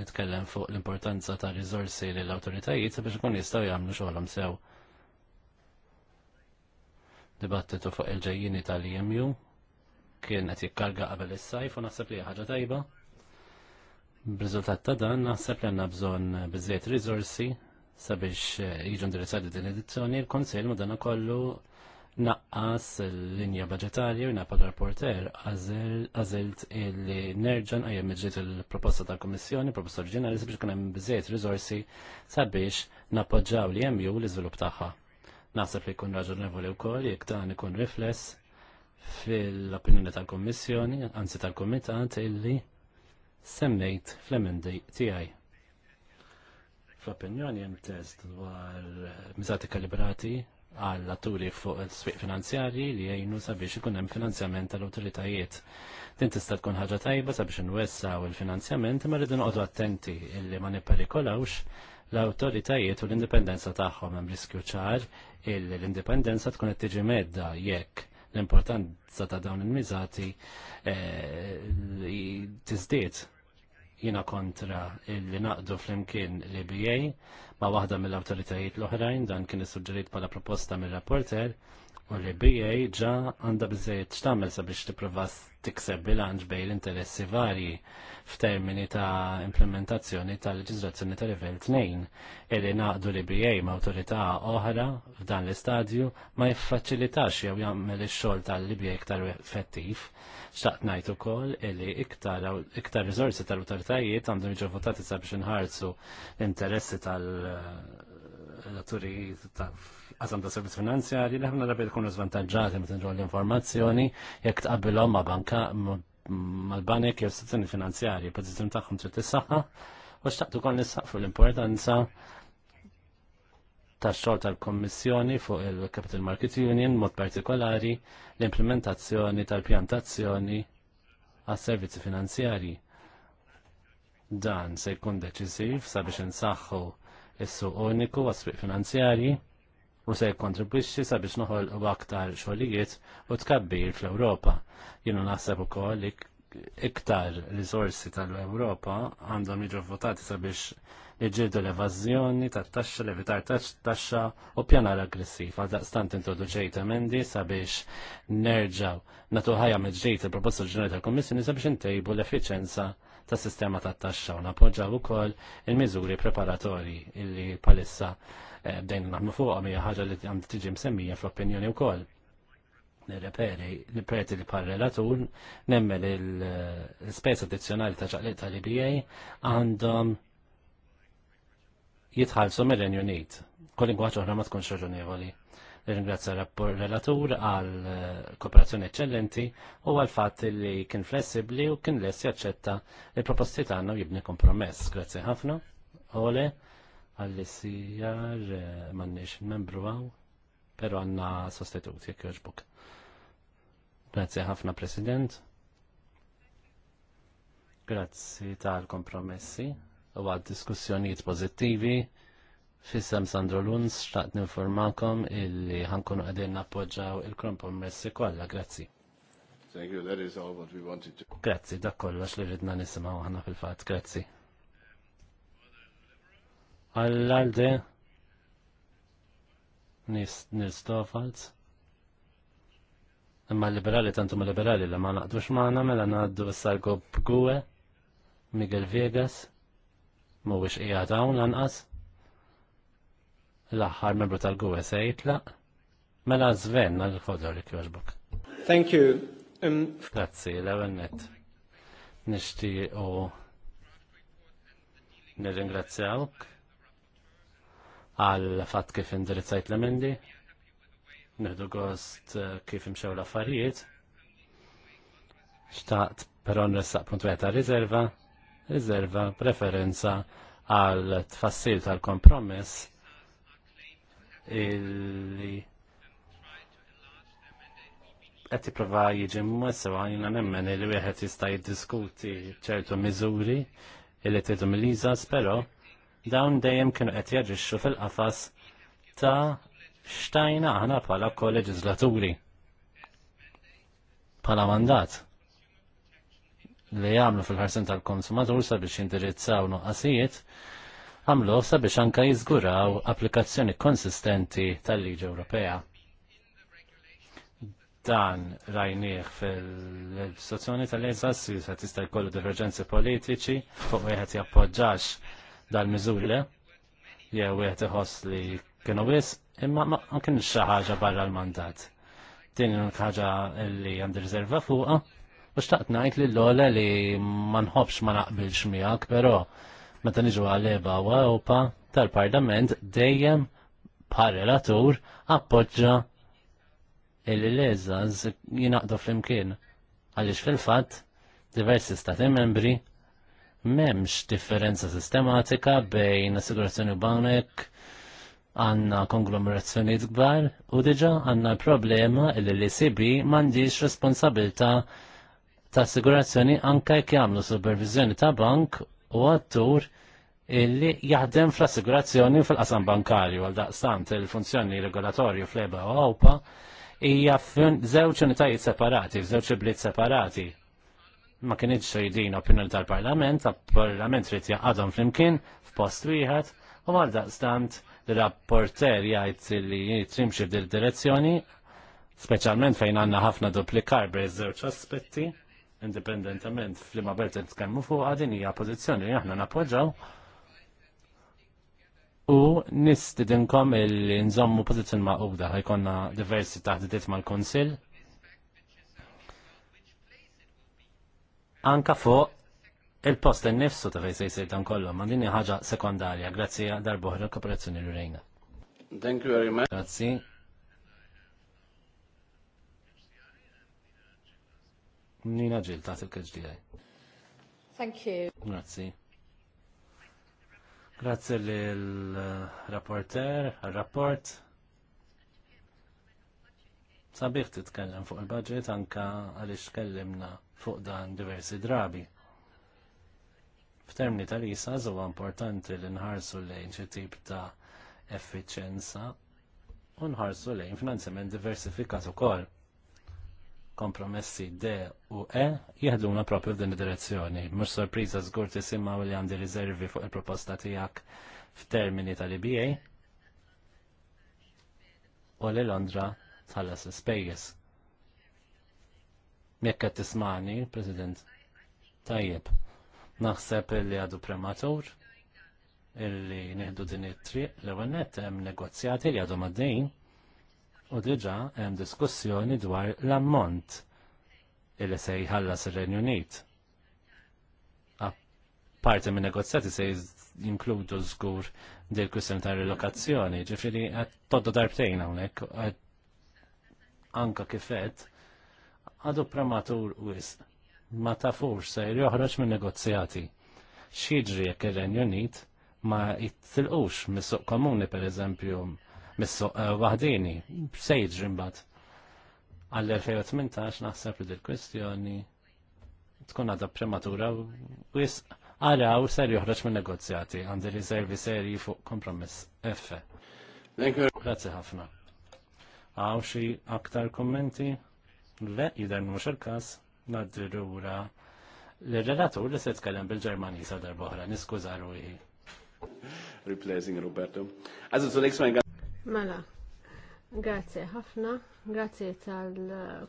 S3: nitkellem fuq l-importanza ta' rizorsi li l-awtoritajiet sabiex ikun jistgħu jagħmlu xogħolhom sew. Dibattitu fuq il-ġejjini tal imu kien qed jikkarga qabel is-sajf u naħseb li ħaġa tajba. B'riżultat ta' dan naħseb li għandna bżonn biżejjed rizorsi sabiex jiġu indirizzati din edizzjoni l-Kunsill madana kollu naqqas l-linja budgetarja jina pal rapporter għazilt illi nerġan għajem iġġiet il-proposta ta' komissjoni, proposta oriġinali sabiex kunem bizziet rizorsi sabiex napoġġaw li jemju l-izvilup taħħa. Naħseb li kun raġonevoli u koll, jek dan ikun rifless fil-opinjoni tal-kommissjoni, anzi tal-komitat illi semmejt fl-emendi tiegħi fl-opinjoni jem test dwar mizati kalibrati għall atturi fuq il-sfiq finanzjarji li jgħinu sabiex ikun hemm finanzjament tal-awtoritajiet. Din tista' tkun ħaġa tajba sabiex inwessaw il-finanzjament imma rridu noqogħdu attenti illi ma nipperikolawx l-awtoritajiet u l-indipendenza tagħhom hemm riskju ċar illi l-indipendenza tkun qed tiġi medda jekk l-importanza ta' dawn il-miżati eh, tiżdied jina kontra li naqdu fl-imkien li BA ma' waħda mill-awtoritajiet l-oħrajn dan kien is is-suġġerit bħala proposta mill-rapporter u li BA ġa għanda bżejt xtamel sabiex tipprova tikseb bilanċ bejn l-interessi varji f'termini ta' implementazzjoni ta' leġizrazzjoni ta' level 2 illi naqdu li BA ma' autorità oħra f'dan l-istadju ma jiffaċilitax jew jagħmel ix-xogħol tal-Libja iktar effettiv. Xtaqt ngħid ukoll illi iktar iktar riżorsi tal-awtoritajiet għandhom jiġu votati sabiex inħarsu l-interessi tal-atturi ta' għazam ta' servizz finanzjari li ħafna drabi jkunu zvantagġati meta nġu l-informazzjoni jekk tqabbilhom ma' banka mal-banek jew istituzzjoni finanzjari, pożizzjoni tagħhom trid tissaħħa u xtaqtu kol nissaqfu l-importanza ta' xogħol tal-Kommissjoni fuq il-Capital Market Union mod partikolari l-implementazzjoni tal-pjantazzjoni għas servizzi finanzjari. Dan se jkun deċisiv sabiex insaħħu is-suq uniku għas-suq finanzjari u se jkontribwixxi sabiex noħol u aktar xogħlijiet u tkabbir fl-Ewropa. Jiena naħseb ukoll iktar risorsi tal-Ewropa għandhom jiġu votati sabiex jġildu l-evażjoni tat-taxxa, levitar taxxa u pjanar aggressiv. Għal daqstant introduċejt emendi sabiex nerġaw natu ħajja meġġejt il-proposta ġenerali tal-Kommissjoni sabiex intejbu l efficienza ta' sistema tat taxxa u napoġġaw ukoll il-miżuri preparatorji illi palissa Eh, bdejna naħmu fuqha hija ħaġa li għandha tiġi msemmija fl-opinjoni wkoll. Nirreperi, nirreperi li par relatur nemmel il-spes addizzjonali ta' ċaqliq tal-IBA għandhom jitħallsu mir-Renju Unit. Kollin kwaċ ma tkunx raġunevoli. Ringrazzja relatur għal eh, kooperazzjoni eccellenti u għal fatt li kien flessibli u kien less jaċċetta il-proposti tagħna u jibni kompromess. Grazzi ħafna. Ole għall-sijar eh, mannix membru għaw, pero għanna sostitut, jek joġbuk. Grazie ħafna, President. Grazzi tal-kompromessi u għad diskussjoniet pozittivi. Fissem Sandro Lunz, xtaqt ninformakom illi ħankunu għadin appoġġaw il-kompromessi kollha, grazzi. Thank you, that is all what we wanted to. Grazzi, dak kollox li ridna nisimgħu aħna fil-fatt, grazzi għall-alde nistofalz. Imma liberali tantum liberali li ma naqdux maħna mela naqdu s-sargo b'gwe Miguel Vegas mu wix ija dawn lanqas l-axħar membru tal-gwe se jitlaq mela zven għal-fodor li kjoġbuk. Thank you. Um... Grazzi, l-għennet. Nishti u nirringrazzjawk għal fatt kif indirizzajt l-emendi. Nħdu gost eh, kif imxew l-affarijiet. Xtaqt però nressaq punt wieħed riserva, rizerva preferenza għal tfassil tal-kompromess illi qed jipprova jiġi mwessewa jiena nemmen li wieħed jista' jiddiskuti ċertu miżuri illi t-tidum l izas però dawn dejjem kienu qed jaġixxu fil-qafas ta' xtajna aħna bħala kolleġislaturi bħala mandat li jagħmlu fil-ħarsin tal-konsumatur sabiex jindirizzaw nuqqasijiet għamlu sabiex anka jiżguraw applikazzjoni konsistenti tal-Liġi Ewropea. Dan rajnieħ fil sozzjoni tal eżas se tista' jkollu diverġenzi politiċi fuq wieħed jappoġġax dal-miżuri jew wieħed iħoss li kienu wis imma ma kienx xi ħaġa barra l-mandat. Din ħaġa li għandi riserva fuqha u xtaqt ngħid li l-ola li ma nħobbx ma naqbilx miegħek, però meta niġu għal-leba u Ewpa tal-Parlament dejjem parrelatur relatur appoġġa il-leżaz jinaqdu fl-imkien. Għalix fil-fat, diversi stati membri memx differenza sistematika bejn assigurazzjoni banek għanna konglomerazzjoni kbar u diġa għanna problema illi li sibi mandiġ responsabilta ta' assigurazzjoni anka jek jagħmlu supervizjoni ta' bank u għattur illi jaħdem fl-assigurazzjoni fil-qasam bankarju għal daqstant il-funzjoni regolatorju fl-eba u għawpa hija zewċ unitajiet separati, f'żewġ bliet separati ma kienieċ xejdin opinjoni tal-Parlament, tal-Parlament rrit jaqadhom flimkien f'post wieħed u għal daqstant l-rapporter jgħid li trimxi f'dil direzzjoni, speċjalment fejn għandna ħafna duplikar bejn żewġ aspetti, indipendentament fl-imma belt nitkellmu fuq din hija pożizzjoni li aħna nappoġġaw U nistidinkom il-nżommu pozizjon ma' uda, ħajkonna diversi taħdidiet mal-konsil, anka fuq il-post il-nifsu ta' fejn se jsir kollu, ma' dinni ħaġa sekondarja, grazzi għal l kooperazzjoni l rejna. Thank you very much. Grazzi. Nina ġil ta' il-KHDI. Thank you. Grazzi. Grazzi l-rapporter, eh, għal-rapport. Sabiħ titkellem fuq il-budget anka għaliex kellimna fuq dan diversi drabi. F'termini tal-isa huwa importanti li nħarsu lejn xi tip ta' effiċenza u nħarsu lejn finanzjament diversifikat ukoll. Kompromessi D u E jihduna proprju f'din id-direzzjoni. Mhux sorpriża żgur tisimgħu li għandi riservi fuq il-proposta tiegħek f'termini tal-IBA u li Londra tħallas l ispejjeż Mekka qed tismani, President. Tajjeb. Naħseb li għadu prematur illi neħdu din it-triq l ewwel hemm negozjati li għadu maddejn u diġa' hemm diskussjoni dwar l-ammont illi se jħallas il renju Unit. Parti minn negozjati se jinkludu żgur dil kwistjoni ta' rilokazzjoni, ġifiri qed toddu darbtejn hawnhekk anka kifet għadu prematur wis ma tafux jir joħroġ minn negozjati. Xieġri jek ir-Renju Unit ma jittilqux mis-suq komuni per eżempju mis-suq eh, wahdini, waħdini, mbat. jiġri Għall-2018 naħseb li dil-kwestjoni tkun għadha prematura jis għaraw ser joħroġ minn negozjati għandi riservi seri fuq kompromiss F. Grazie ħafna. Għaw xi aktar kommenti? Le, jider mhux il-kas, naddilura l-relatur li se tkellem bil-Ġermani sa darbohra, niskuza ruħi. Replacing Roberto. Għazu, next one.
S4: Mela, Grazie ħafna, grazie tal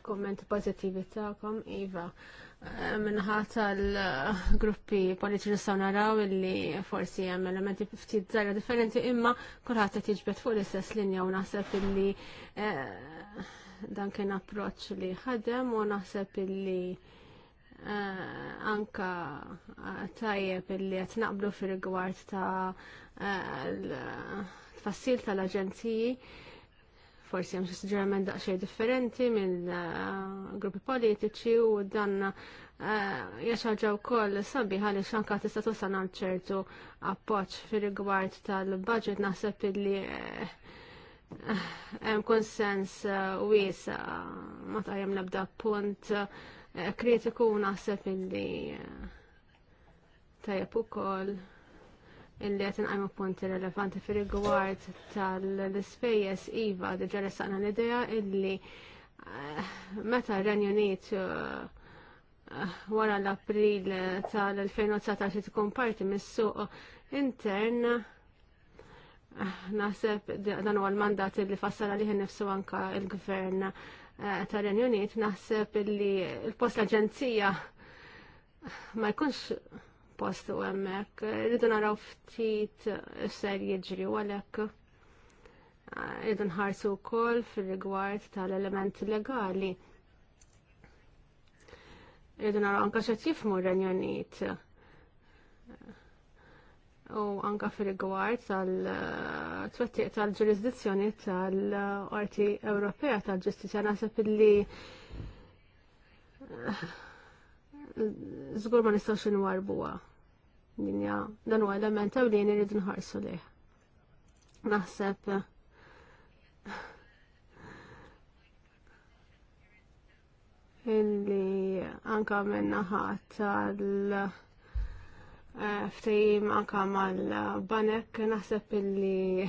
S4: komment pozittivi ta'kom, Iva. Eh, Minħat tal-gruppi politiċi li nistaw naraw illi forsi jem elementi ftit żgħira differenti imma kulħadd t jiġbed fuq l-istess linja u naħseb illi eh, dan kien approċċ li ħadem u naħseb illi uh, anka eh, tajjeb illi qed naqblu fir-rigward ta' uh, eh, fassil tal-aġenziji forsi hemm xi suġġerament daqsxejn differenti minn uh, gruppi politiċi u dan jaxħarġa u koll sabi għalli xanka tista tusan ċertu appoċ fil rigward tal-budget naħseb illi hemm konsens uh, wiesa uh, ma jem nabda punt uh, kritiku naħseb illi tajjeb ukoll illi qed inqajmu punti rilevanti fir-rigward tal-ispejjeż iva diġà ressaqna l-idea illi meta r-Renju Unit wara l-April tal-2019 tkun parti mis-suq intern Ah, naħseb dan huwa l-mandat li fassara liħin nifsu anka il-gvern eh, tal-Renju Unit, naħseb li l-post l-Aġenzija ma jkunx post u hemmhekk. Rridu naraw ftit ser jiġri u għalhekk ah, rridu nħarsu wkoll fir-rigward tal-element legali. Rridu naraw anke x'qed jifhmu r-Renju Unit u anka fil-rigward tal-twettiq eh, tal-ġurisdizzjoni tal-Qorti Ewropea tal-Ġustizja naħseb li zgur eh, ma nistgħux inwarbuha. Dinja dan huwa element ewlien irid nħarsu lih. Naħseb eh, illi anka ħat tal- ftejim anka mal-banek naħseb illi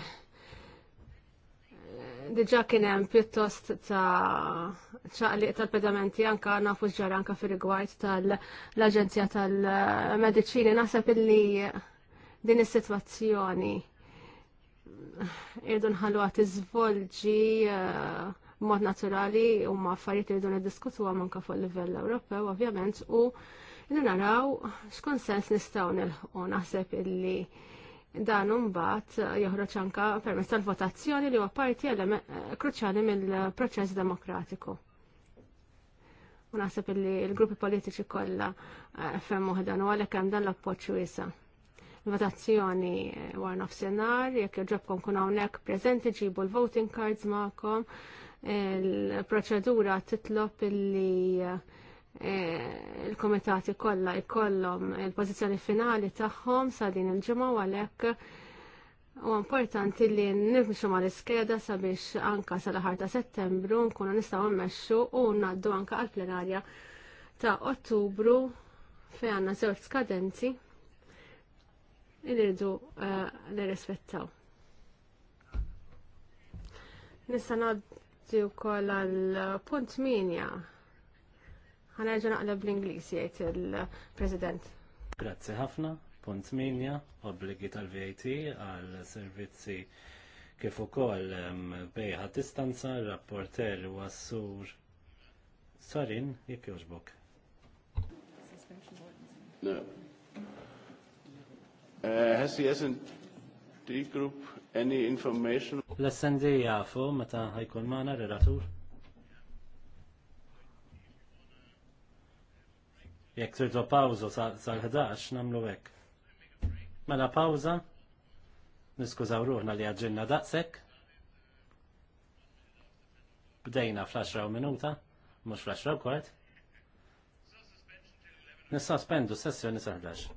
S4: diġa kienem pjuttost ta' ċaqliq tal-pedamenti anka nafu ġara anka fir rigward tal-Aġenzija tal-Mediċini naħseb illi din is-sitwazzjoni irdu nħallu għat iżvolġi eh, mod naturali u ma affarijiet irdu niddiskutu għam anka fuq livell Ewropew ovvjament u Inna naraw skont sens nistgħu nilħu naħseb illi dan mbagħad joħroġ anka permezz tal-votazzjoni li huwa parti eh, kruċjali mill-proċess demokratiku. U naħseb illi l-gruppi politiċi kollha eh, femmu dan u għalhekk hemm dan l-appoġġ wiesa' votazzjoni eh, war nofsinhar jekk irġobkom kun hawnhekk preżenti ġibu l-voting cards magħkom. Il-proċedura titlob illi il-komitati kollha jkollhom il-pożizzjoni finali tagħhom sa din il-ġimgħa u għalhekk u importanti li nifmxu mal iskeda sabiex anka sal aħħar ta' settembru nkunu nistgħu mmexxu u ngħaddu anka għall plenarja ta' ottubru fejn għandna żewġ skadenzi li rridu nirrispettaw. Eh, Nista' ngħaddi wkoll għal punt minja Ħanerġa' naqleb bl-Ingliż jgħid il-President.
S3: Grazzi ħafna. Punt minja. obbligi tal-VAT għal servizzi kif ukoll bejħa distanza rapporter u assur sarin jekk jogħġbok. No. Uh, eh, has hasn't D group any information? L-SND jafu meta ħajkun maħna relatur? Jekk tridu pawżu sal-11 namlu hekk. Mela pawża, niskużaw ruħna li għagġilna daqshekk. Bdejna fl-10 minuta, mhux fl-10 kwart. Nissospendu sessjoni sal 11.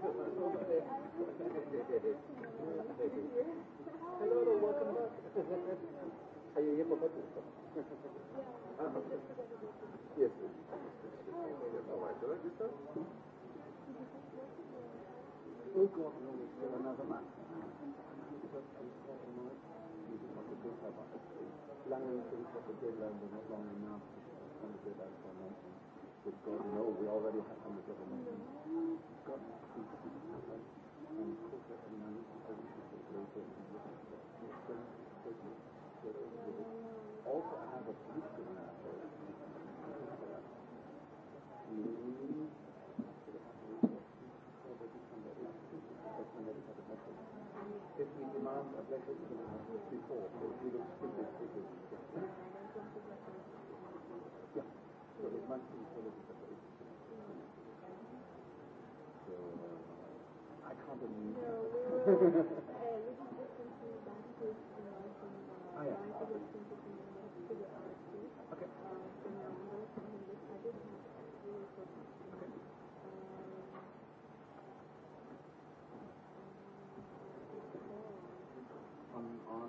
S1: Hello, welcome back. Are you here for breakfast? Yes. Oh God, no, we still another man. Lange nicht, ich habe But God we already have government. in the Also, I have a police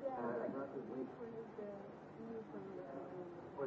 S1: Yeah, to wait. you Poi,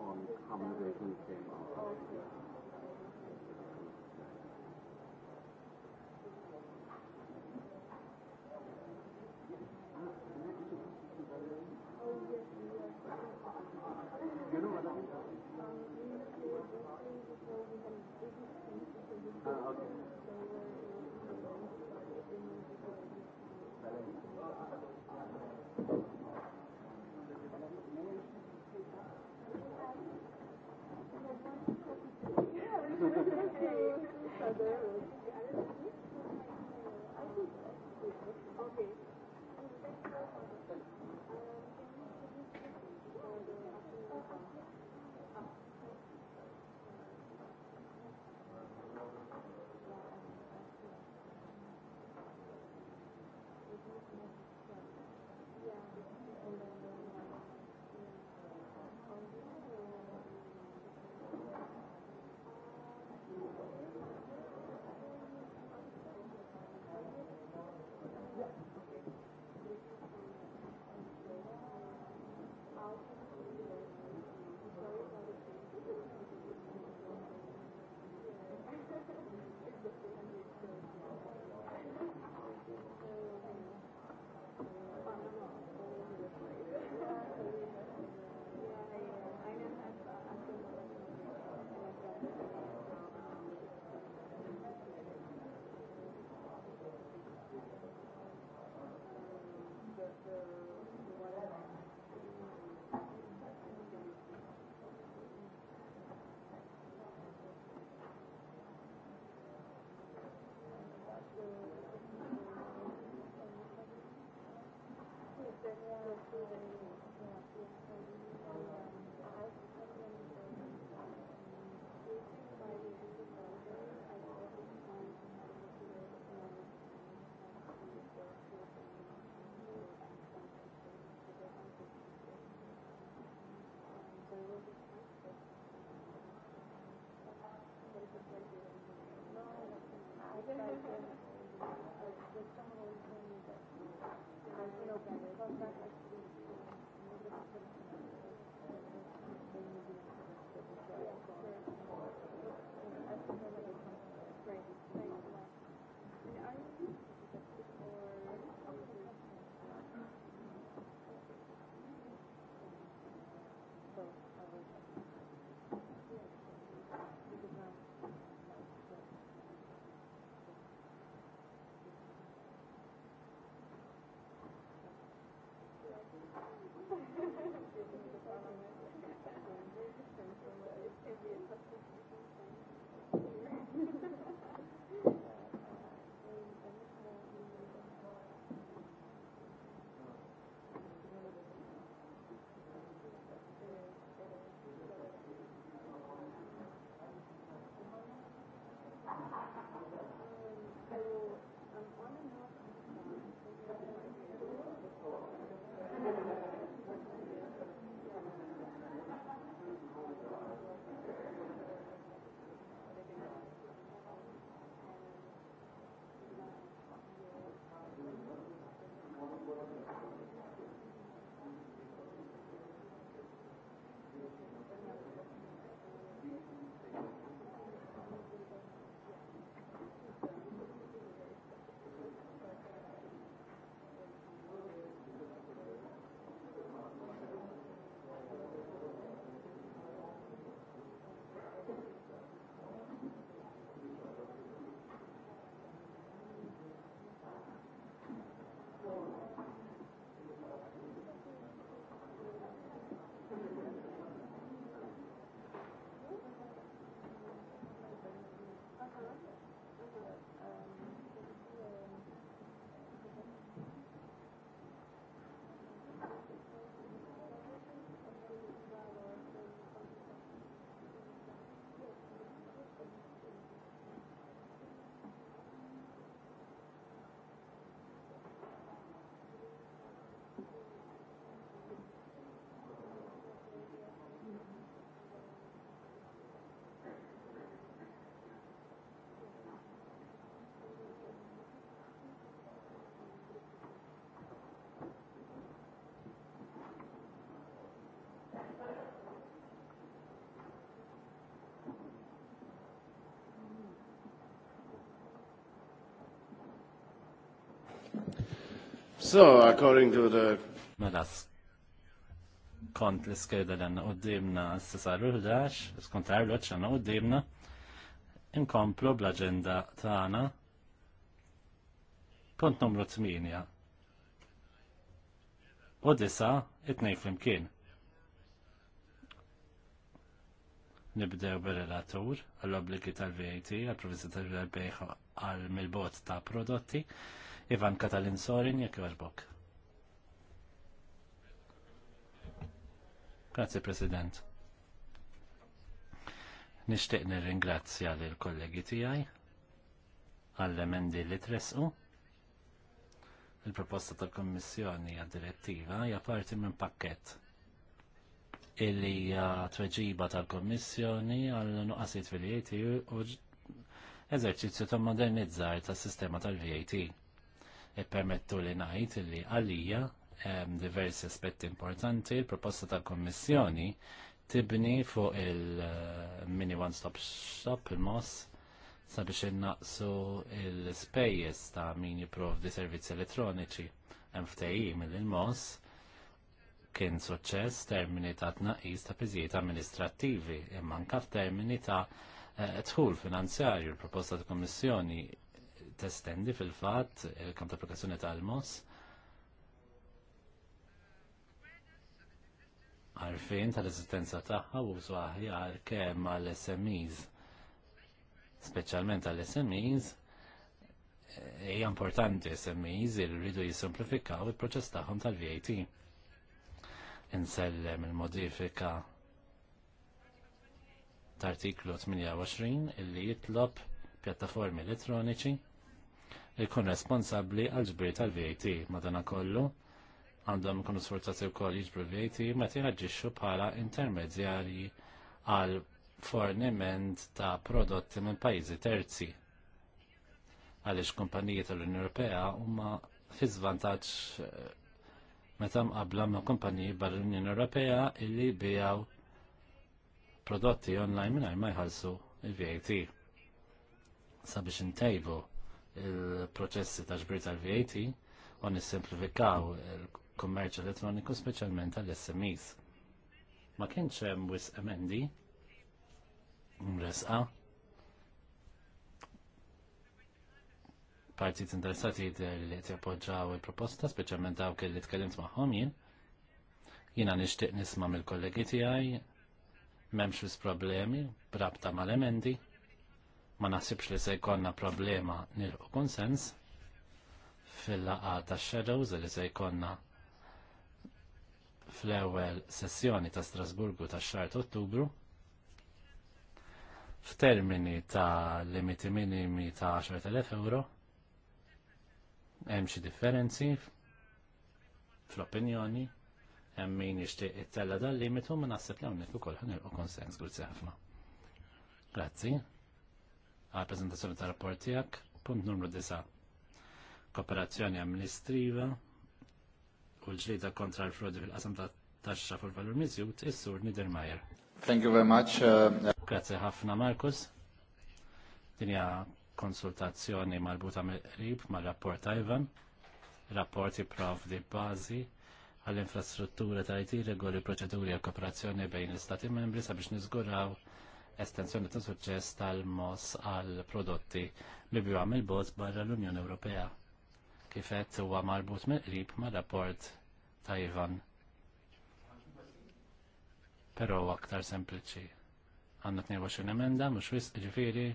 S1: on accommodation came Ah, okay. għandhom Grazie. So, according to the...
S3: Mela, kont l skeda l għanna għoddimna s-sisar 11, skont għarloċ għanna għoddimna, inkomplu bl-agenda tagħna. Punt numru 8. U disa, it-nej flimkien. Nibdew bir-relatur għall-obbligi tal-VAT, għall-provizzi tal-bejħ għal-milbot ta' prodotti, Ivan Katalin Sorin, jekk jorbok. Grazie, President. Nishtiq nirringrazzja lill kollegi tiegħi għall-emendi li tresqu. Il-proposta tal-Kommissjoni għad-direttiva hija parti minn pakkett illi hija tweġiba tal-Kommissjoni għal nuqqasit fil-VAT u eżerċizzju ta' modernizzar tas sistema tal-VAT permettu li najt li għalija diversi aspetti importanti il-proposta tal kommissjoni tibni fuq il-mini one-stop shop il-MOS sabiex innaqsu il spejjes ta' min jipprovdi servizzi elettroniċi MFTI mill-MOS kien suċċess termini ta' tnaqqis ta' piżijiet amministrattivi imma kaf f'termini ta' tħul eh, finanzjarju l-proposta ta' kommissjoni testendi fil-fat kam ta' applikazzjoni tal-mos. Għarfin tal-eżistenza tagħha u aħjar kemm għall-SMEs, speċjalment għall-SMEs, hija importanti SMEs li rridu jisimplifikaw il-proċess tagħhom tal-VAT. Insellem il-modifika tal-artiklu 28 illi jitlob pjattaformi elettroniċi ikun responsabbli għal ġbir tal-VAT madanakollu għandhom ikunu sforzati wkoll jiġbru VAT meta jraġixxu bħala intermedjarji għal forniment ta' prodotti minn pajjiżi terzi. Għaliex kumpaniji tal-Unjoni Ewropea huma fi żvantaġġ eh, meta mqabbla ma' kumpaniji l unjoni Ewropea illi bijaw prodotti online mingħajr ma jħallsu il-VAT sabiex intejbu il-proċessi ta' ġbir tal-VAT u nissimplifikaw il-kummerċ elettroniku speċjalment tal-SMEs. Ma kienx hemm wis emendi mresqa partit interessati li jappoġġaw il-proposta, speċjalment dawk li tkellimt magħhom jien. Jiena nixtieq nisma' mill-kollegi tiegħi m'hemmx wis problemi b'rabta mal-emendi ma naħsibx li se jkollna problema nilqu konsens fil-laqa ta' shadows li se jkollna fl-ewwel sessjoni ta' Strasburgu ta' xar ta' Ottubru f'termini ta' limiti minimi ta' 10.000 euro hemm xi differenzi fl-opinjoni hemm min jixtieq it-tella dal-limitu ma naħseb li hawnhekk ukoll ħanilqu konsens grazzi ħafna. Grazzi għal prezentazzjoni ta' rapport tiegħek. Punt numru 9. Kooperazzjoni amministriva u l-ġlida kontra l-frodi fil-qasam ta' taxxa fuq valur miżjud is-sur Niedermayer. Thank you very much. Uh, Grazie ħafna Markus. Dinja konsultazzjoni marbuta mill-qrib mal-rapport Ivan. Rapport di bazi għall-infrastruttura ta' IT regoli proċeduri għal kooperazzjoni bejn l-Stati membri sabiex nizguraw estensjoni ta' suċċess tal-mos għal prodotti li bjuħam il-bot barra l-Unjoni Ewropea. Kifet huwa marbut mill-qrib ma' rapport ta' Ivan. Pero aktar sempliċi. Għanna 22 emenda, mux wis ġifiri,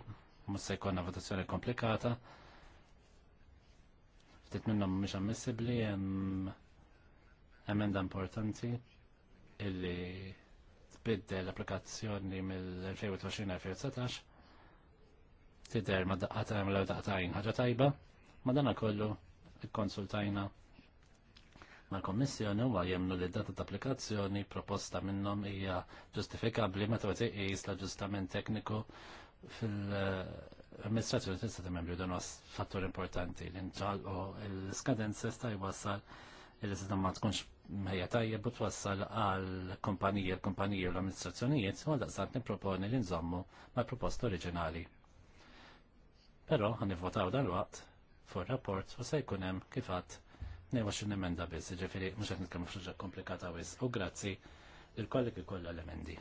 S3: mux se jkollna votazzjoni komplikata. Ftit minnhom mhux ammissibbli hemm emenda importanti illi tbiddel l-applikazzjoni mill-2020-2019 tidher ma daqqatajn l daqqatajn ħaġa tajba, ma dana kollu konsultajna ma kommissjoni huwa jemnu li data ta' applikazzjoni proposta minnhom hija ġustifikabbli meta qed iqis l-aġġustament tekniku fil-amministrazzjoni tista' membri dan fattur importanti li nċalqu l-skadenza jista' jwassal il-sistema ma tkunx mħejja tajjeb u twassal għal kumpaniji l-kumpaniji u l-amministrazzjonijiet u għaldaqsant niproponi li nżommu mal proposta oriġinali. Però għan votaw l waqt fuq rapport u se jkun hemm kif għadd xin emenda biss, ġifiri mhux qed nitkellmu f'xi komplikata wis u grazzi il-kollek ikollha l-emendi.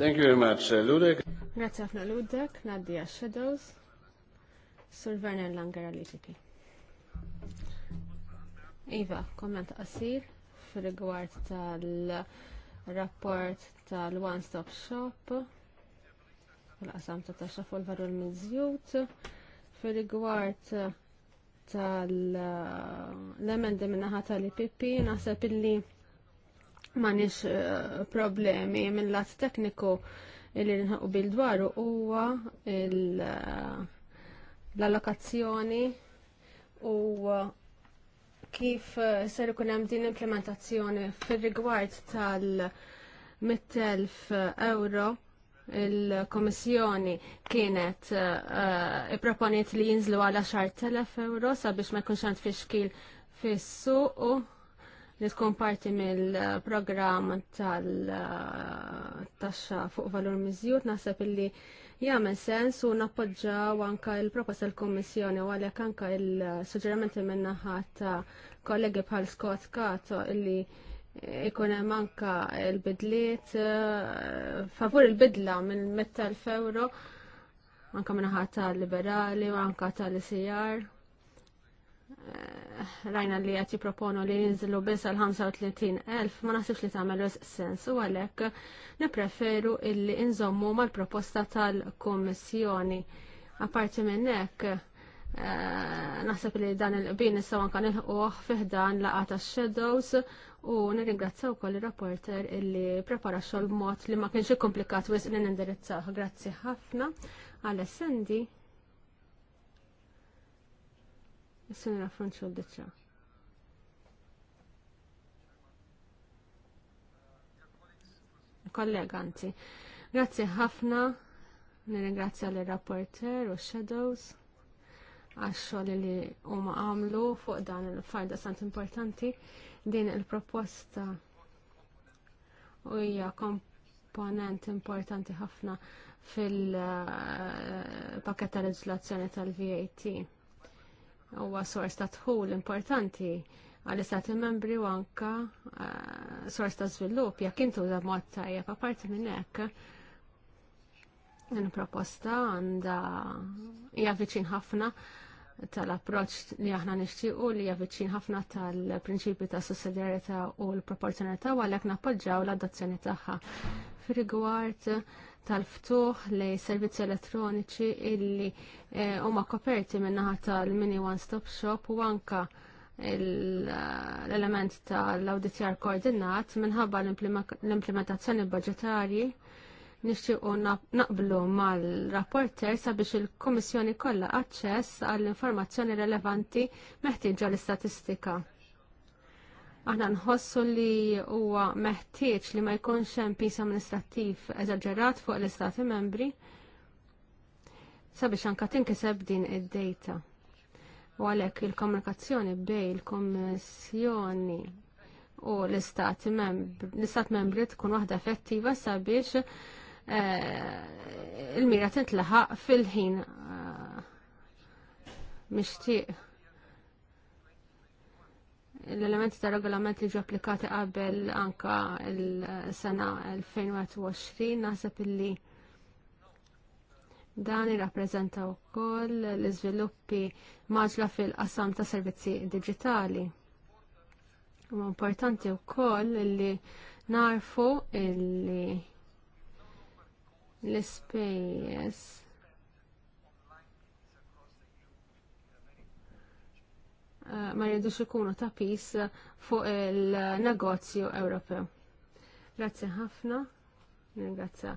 S3: Thank you very much, uh, Ludek.
S4: Grazie ħafna Ludek, Nadia Shadows, Sir Vernon Langer għal Iva, komment qasir fil-rigward tal-rapport tal-One Stop Shop l-qasam ta' taxxa fuq l valur fil-rigward tal-emendi minnaħa tal-IPP naħseb illi m'għandix eh, problemi mill-lat tekniku illi nħaqu bil-dwaru huwa eh, l-allokazzjoni u kif eh, ser ikun hemm din implementazzjoni fir-rigward tal-100,000 eh, euro il-Komissjoni kienet uh, eh, proponiet li jinżlu għal 10.000 euro sabiex ma jkunx għand fixkil fis u li tkun parti mill-programm tal-taxxa fuq valur miżjud naħseb illi jagħmel sens u nappoġġa anka il-proposta l-Kommissjoni u għalhekk anka il-suġġerimenti min-naħa ta' kollegi bħal Scott Kato illi ikun hemm anka l-bidliet eh, favur il-bidla minn metta l-fewro anka minnaħa tal-liberali u anka tal-ICR. Eh, rajna li għati proponu li jinżlu bis għal 35.000 ma nasibx li tagħmel sens u għalhekk nippreferu illi inżommu mal-proposta tal-Kummissjoni. Aparti minn hekk eh, naħseb li dan il-qbin nistgħu anke il fih dan laqata tax-shadows u nirringrazzaw wkoll ir-rapporter illi prepara xogħol b'mod li ma kienx ikkomplikat wisq li nindirizzah. Grazzi ħafna għal essendi. Is-sena Franċu d-deċa. Kollega, anzi. Grazie ħafna. Nirringrazzja l rapporter u shadows għaxxol li huma għamlu fuq dan il-fajda sant importanti din il-proposta u hija komponent importanti ħafna fil-pakket eh, ta' leġislazzjoni tal-VAT huwa sors ta' tħul importanti għal-istati membri u anka eh, sors ta' żvilupp jekk intu da' mod tajjeb apparti minn hekk. Il-proposta għandha hija viċin ħafna tal-approċ li aħna nixtiequ li hija viċin ħafna tal-prinċipju ta' sussidjarjetà u l-proporzjonalità u għalhekk nappoġġjaw l-adozzjoni tagħha. Fir-rigward tal-ftuħ li servizzi elettroniċi illi eh, huma koperti minnaħa tal-mini one-stop shop u anka eh, l-element tal-auditjar koordinat minħabba l-implementazzjoni budġetarji nixtiequ naqblu mal-rapporter sabiex il-Kummissjoni kollha aċċess għall-informazzjoni relevanti meħtieġa l-istatistika. Aħna nħossu li huwa meħtieġ li ma jkunx hemm pis amministrattiv eżaġerat fuq l-Istati membri sabiex anka tinkiseb din id-dejta. U għalhekk il-komunikazzjoni bej il-Kommissjoni u l-Istat membri, l-Istat membri tkun waħda effettiva sabiex eh, il-mira tintlaħaq fil-ħin eh, mixtieq l-elementi ta' regolament li ġu applikati qabel anka l-sena 2020 naħseb illi dan jirrappreżenta wkoll l-iżviluppi maġla fil-qasam ta' servizzi digitali. U importanti wkoll li narfu illi l-ispejjeż ma jridux ikunu ta' pis fuq il-negozju Ewropew. Grazzi ħafna, ringrazza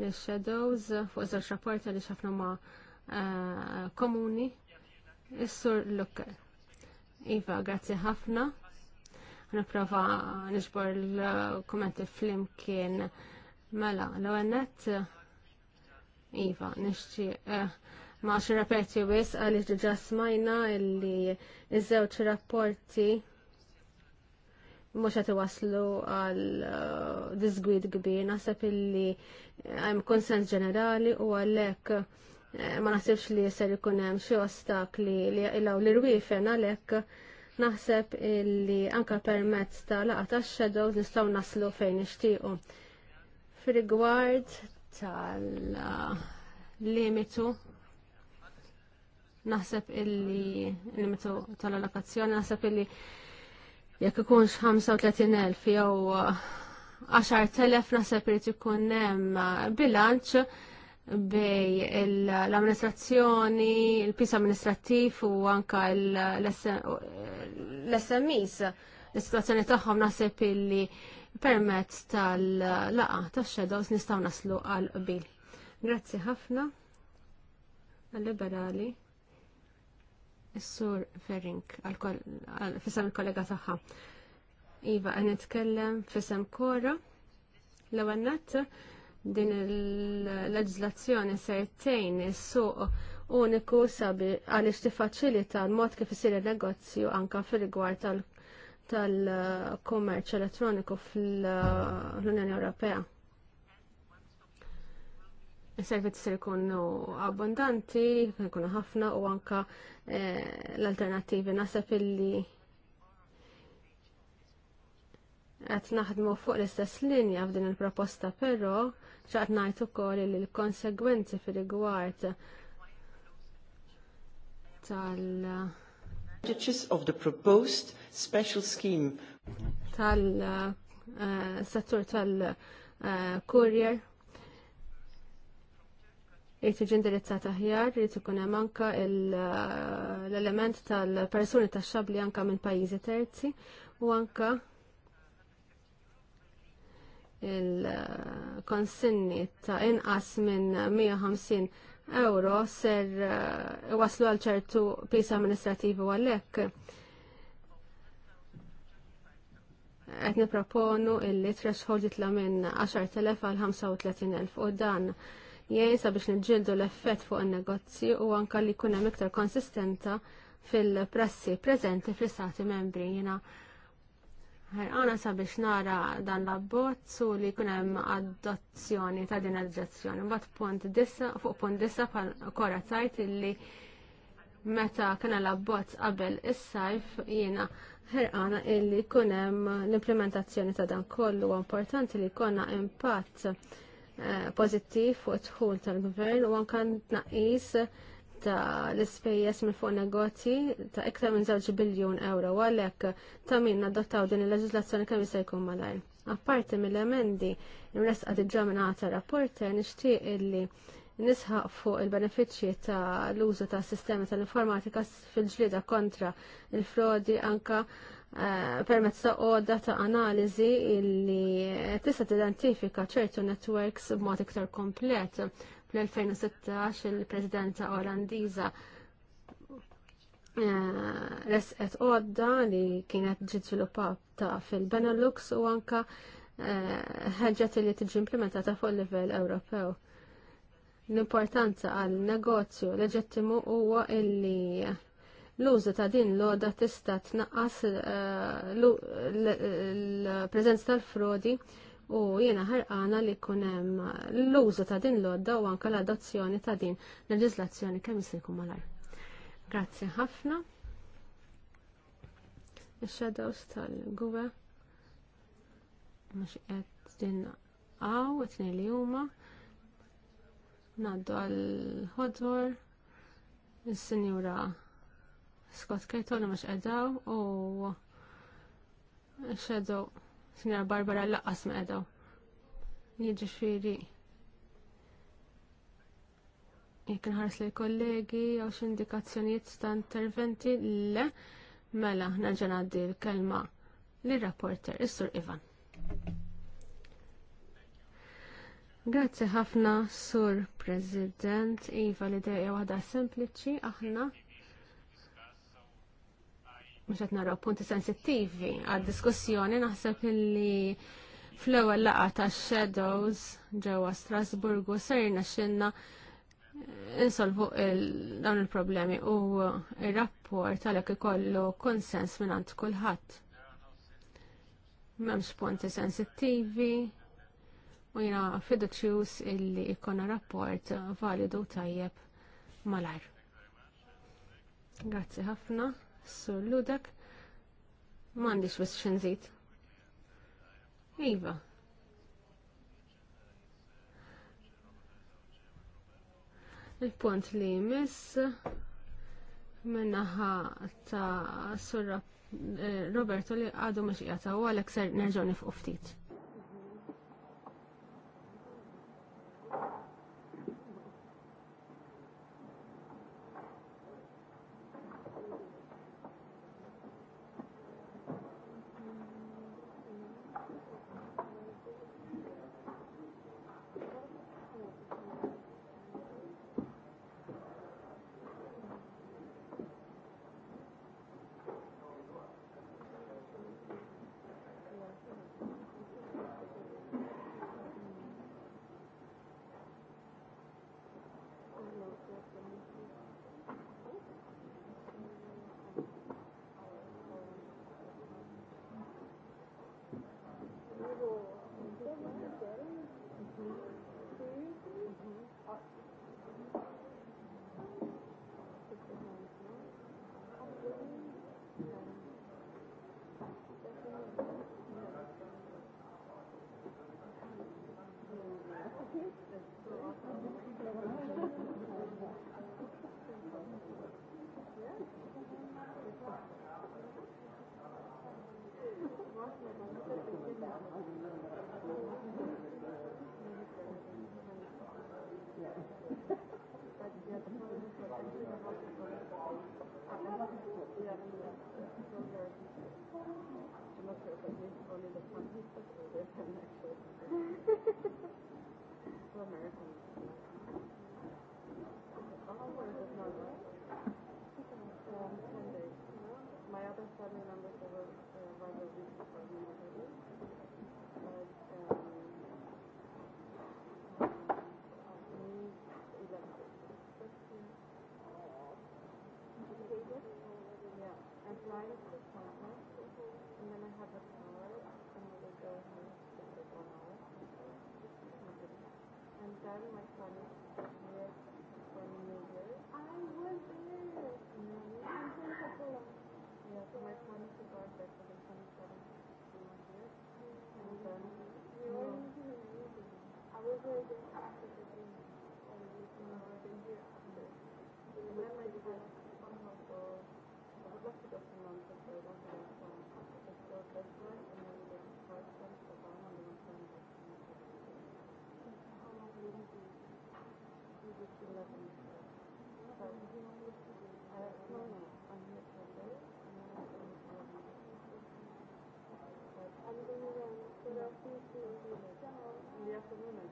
S4: l-Shadows fuq zar rapporta li ħafna ma' eh, komuni. Is-sur Lukke. Iva, grazzi ħafna. Niprofa nixbor l-kommenti fl-imkien mela l-għennet. Iva, nixtieq eh, ma xirrapeti wis għalli ġiġa smajna illi iż-żewġ rapporti mhux qed iwasslu għal uh, disgwid kbir, naħseb illi uh, hemm konsens ġenerali u għalhekk uh, ma nasibx li ser ikun hemm xi ostakli li ilaw l irwiefen għalhekk naħseb illi anka permezz ta' laqa tax shadow nistgħu naslu fejn nixtiequ. Fi rigward tal-limitu Naħseb illi limitu tal-allokazzjoni, naħseb illi jekk ikunx 35.000 jew 10.000 uh, naħseb irid ikun hemm uh, bilanċ bej l-amministrazzjoni, il-pis amministrattiv u anka l-SMIs. l istituzzjoni tagħhom naħseb illi permezz tal-laqa tax-shadows nistgħu naslu għal qbil. Grazzi ħafna għal-liberali. Is-sur Ferink fissam il-kollega tagħha. Iva, għan nitkellem fisem kora l-ewwel din il-leġiżlazzjoni sertejn is-suq uniku sabi għaliex tiffaċilita l-mod kif isir il-negozju anke fil-gwar tal kommerċ elettroniku fl-Unjoni Ewropea il servizzi ser ikunu abbondanti, ikunu ħafna u anka eh, l-alternativi nasab illi għat naħdmu fuq l-istess linja f'din il-proposta, però ċaqt najt ukoll li l-konsegwenzi fil-rigward tal-
S2: of the proposed special scheme
S4: tal-settur eh, tal-courier eh, Irid tiġi indirizzata taħjar irid ikun hemm anke eh, l-element tal-persuni tax li anke minn pajjiżi terzi u anke il-konsinni ta' inqas minn 150 euro ser eh, waslu għal ċertu pis amministrativi għalhekk. Qed niproponu illi threshold jitla minn 10,000 għal 35,000 u dan jgħisa biex nġildu l-effett fuq il negozzi u anka li kuna miktar konsistenta fil-prassi prezenti fl-istati membri jina. Għana sabiex nara dan l-abbozz u li kunem adozzjoni ta' din adozzjoni. Bat punt disa, fuq punt disa pal kora tajt illi meta kena l-abbozz qabel is-sajf jiena ħerqana illi kunem l-implementazzjoni ta' dan kollu importanti li konna impatt pozittiv fuq tħul tal-gvern u anka tnaqqis ta' l-ispejjeż minn fuq negozji ta' iktar minn żewġ biljun euro għalhekk ta' min adottaw din il leġislazzjoni kemm jista' jkun malajn. Apparti mill-emendi imresqa diġà minn għata rapporter nixtieq illi nisħaq fuq il-benefiċċji ta' l-użu ta' sistemi tal-informatika fil-ġlieda kontra il-frodi anka Eh, permezz ta' għodda ta' analizi illi tista' tidentifika ċertu networks b'mod iktar komplet. Fl-2016 il-Presidenta Olandiża eh, resqet għodda li kienet ġi ta' fil-Benelux u anka eh, ħeġġet li tiġi implementata fuq livell Ewropew. L-importanza għal negozju leġittimu huwa illi l-użu ta' din l-oda tista' tnaqqas eh, l-preżenza tal-frodi u jiena ħarqana li jkun hemm l-użu ta' din l-odda u anke l-adozzjoni ta' din leġislazzjoni kemm se jkun malar. Grazzi ħafna. Ix-shadows tal-gwe Mux qed din għaw it-tnejn li huma ngħaddu għal ħodwar is-sinjura Scott li mux edaw u xedaw Sinjora Barbara laqqas ma edaw. Jiġifieri jekk nħares li kollegi jew x'indikazzjonijiet ta' interventi le mela nerġa' ngħaddi l-kelma lir-rapporter is-Sur Ivan. Grazzi ħafna, Sur President, Iva l-ideja waħda sempliċi aħna mux għet naraw punti sensittivi għad diskussjoni naħseb illi fl-ewwel laqa ta' Shadows ġewwa Strasburgu serna xinna eh, insolvu dawn il-problemi u ir-rapport għalek ikollu konsens minn għand kulħadd. M'hemmx punti sensittivi u jiena fiduċjuż illi jkollna rapport validu tajjeb malajr. Grazzi ħafna. Sur Ludak, m'għandix wis xinżid. Iva. Il-punt li jmiss minnaħa ta' Sur eh, Roberto li għadu meċiqata u għalek ser nerġoni fuq ftit.
S1: Thank you. very much for the women.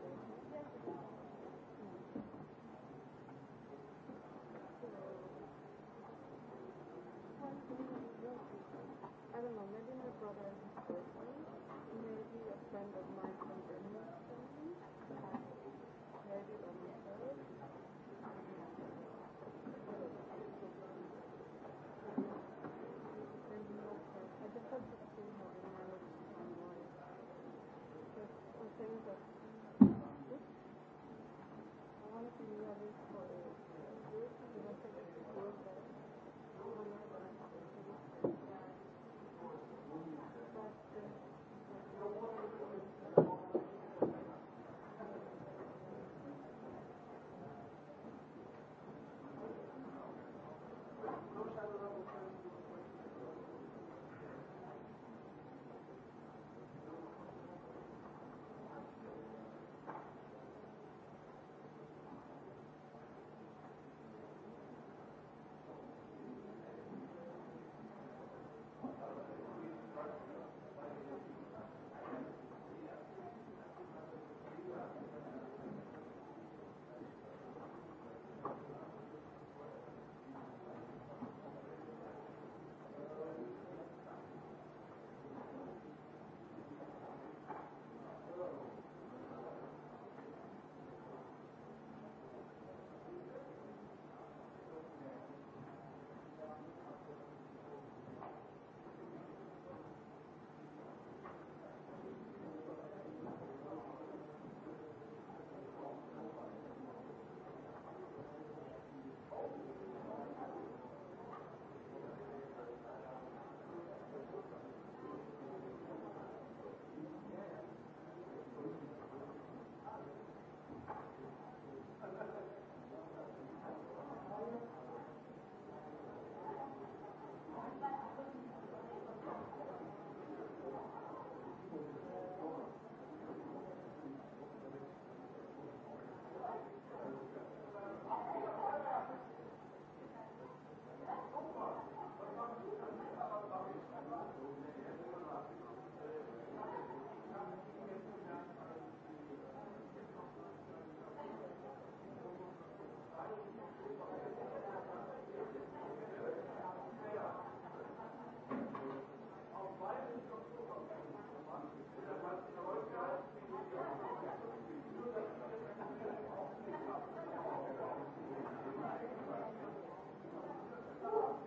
S1: Thank you.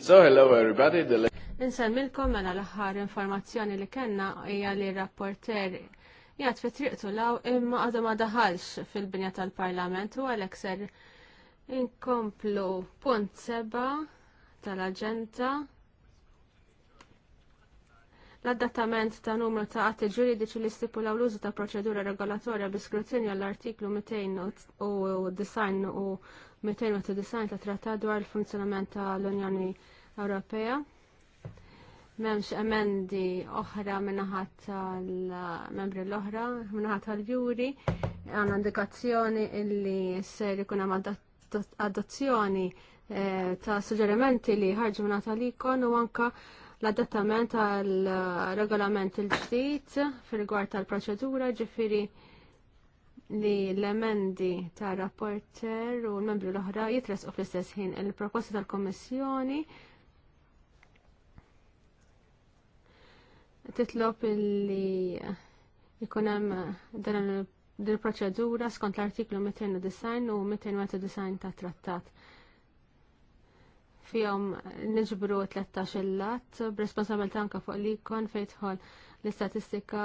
S1: So, hello everybody.
S4: milkom mela l-aħħar informazzjoni li kellna hija li rapporter jgħat fi triqtu law imma għadu ma daħalx fil-binja tal-parlament u għalek ser inkomplu punt seba tal-agenda L-adattament ta' numru ta' atti ġuridiċi li stipulaw l-użu ta' proċedura regolatorja bi skrutinju għall-artiklu 290 u 290 ta' trattat dwar il-funzjonament ta' l-Unjoni Ewropea. Memx emendi oħra minnaħat tal-membri l-oħra, minnaħat tal-juri, għanna indikazzjoni illi ser ikun hemm adozzjoni eh, ta' suġġerimenti li ħarġu minnaħat tal-ikon u anka l-adattament għal regolament il-ġdid fil-gwar tal-proċedura ġifiri li l-emendi ta' rapporter u l-membri l-oħra jitresqu fl-istess ħin il-proposta tal-Kommissjoni titlob li jkun hemm dan il-proċedura skont l-artiklu 209 u 209 ta' trattat fihom niġbru 13 il-lat b'responsabilta anka fuq li kon fejtħol l-istatistika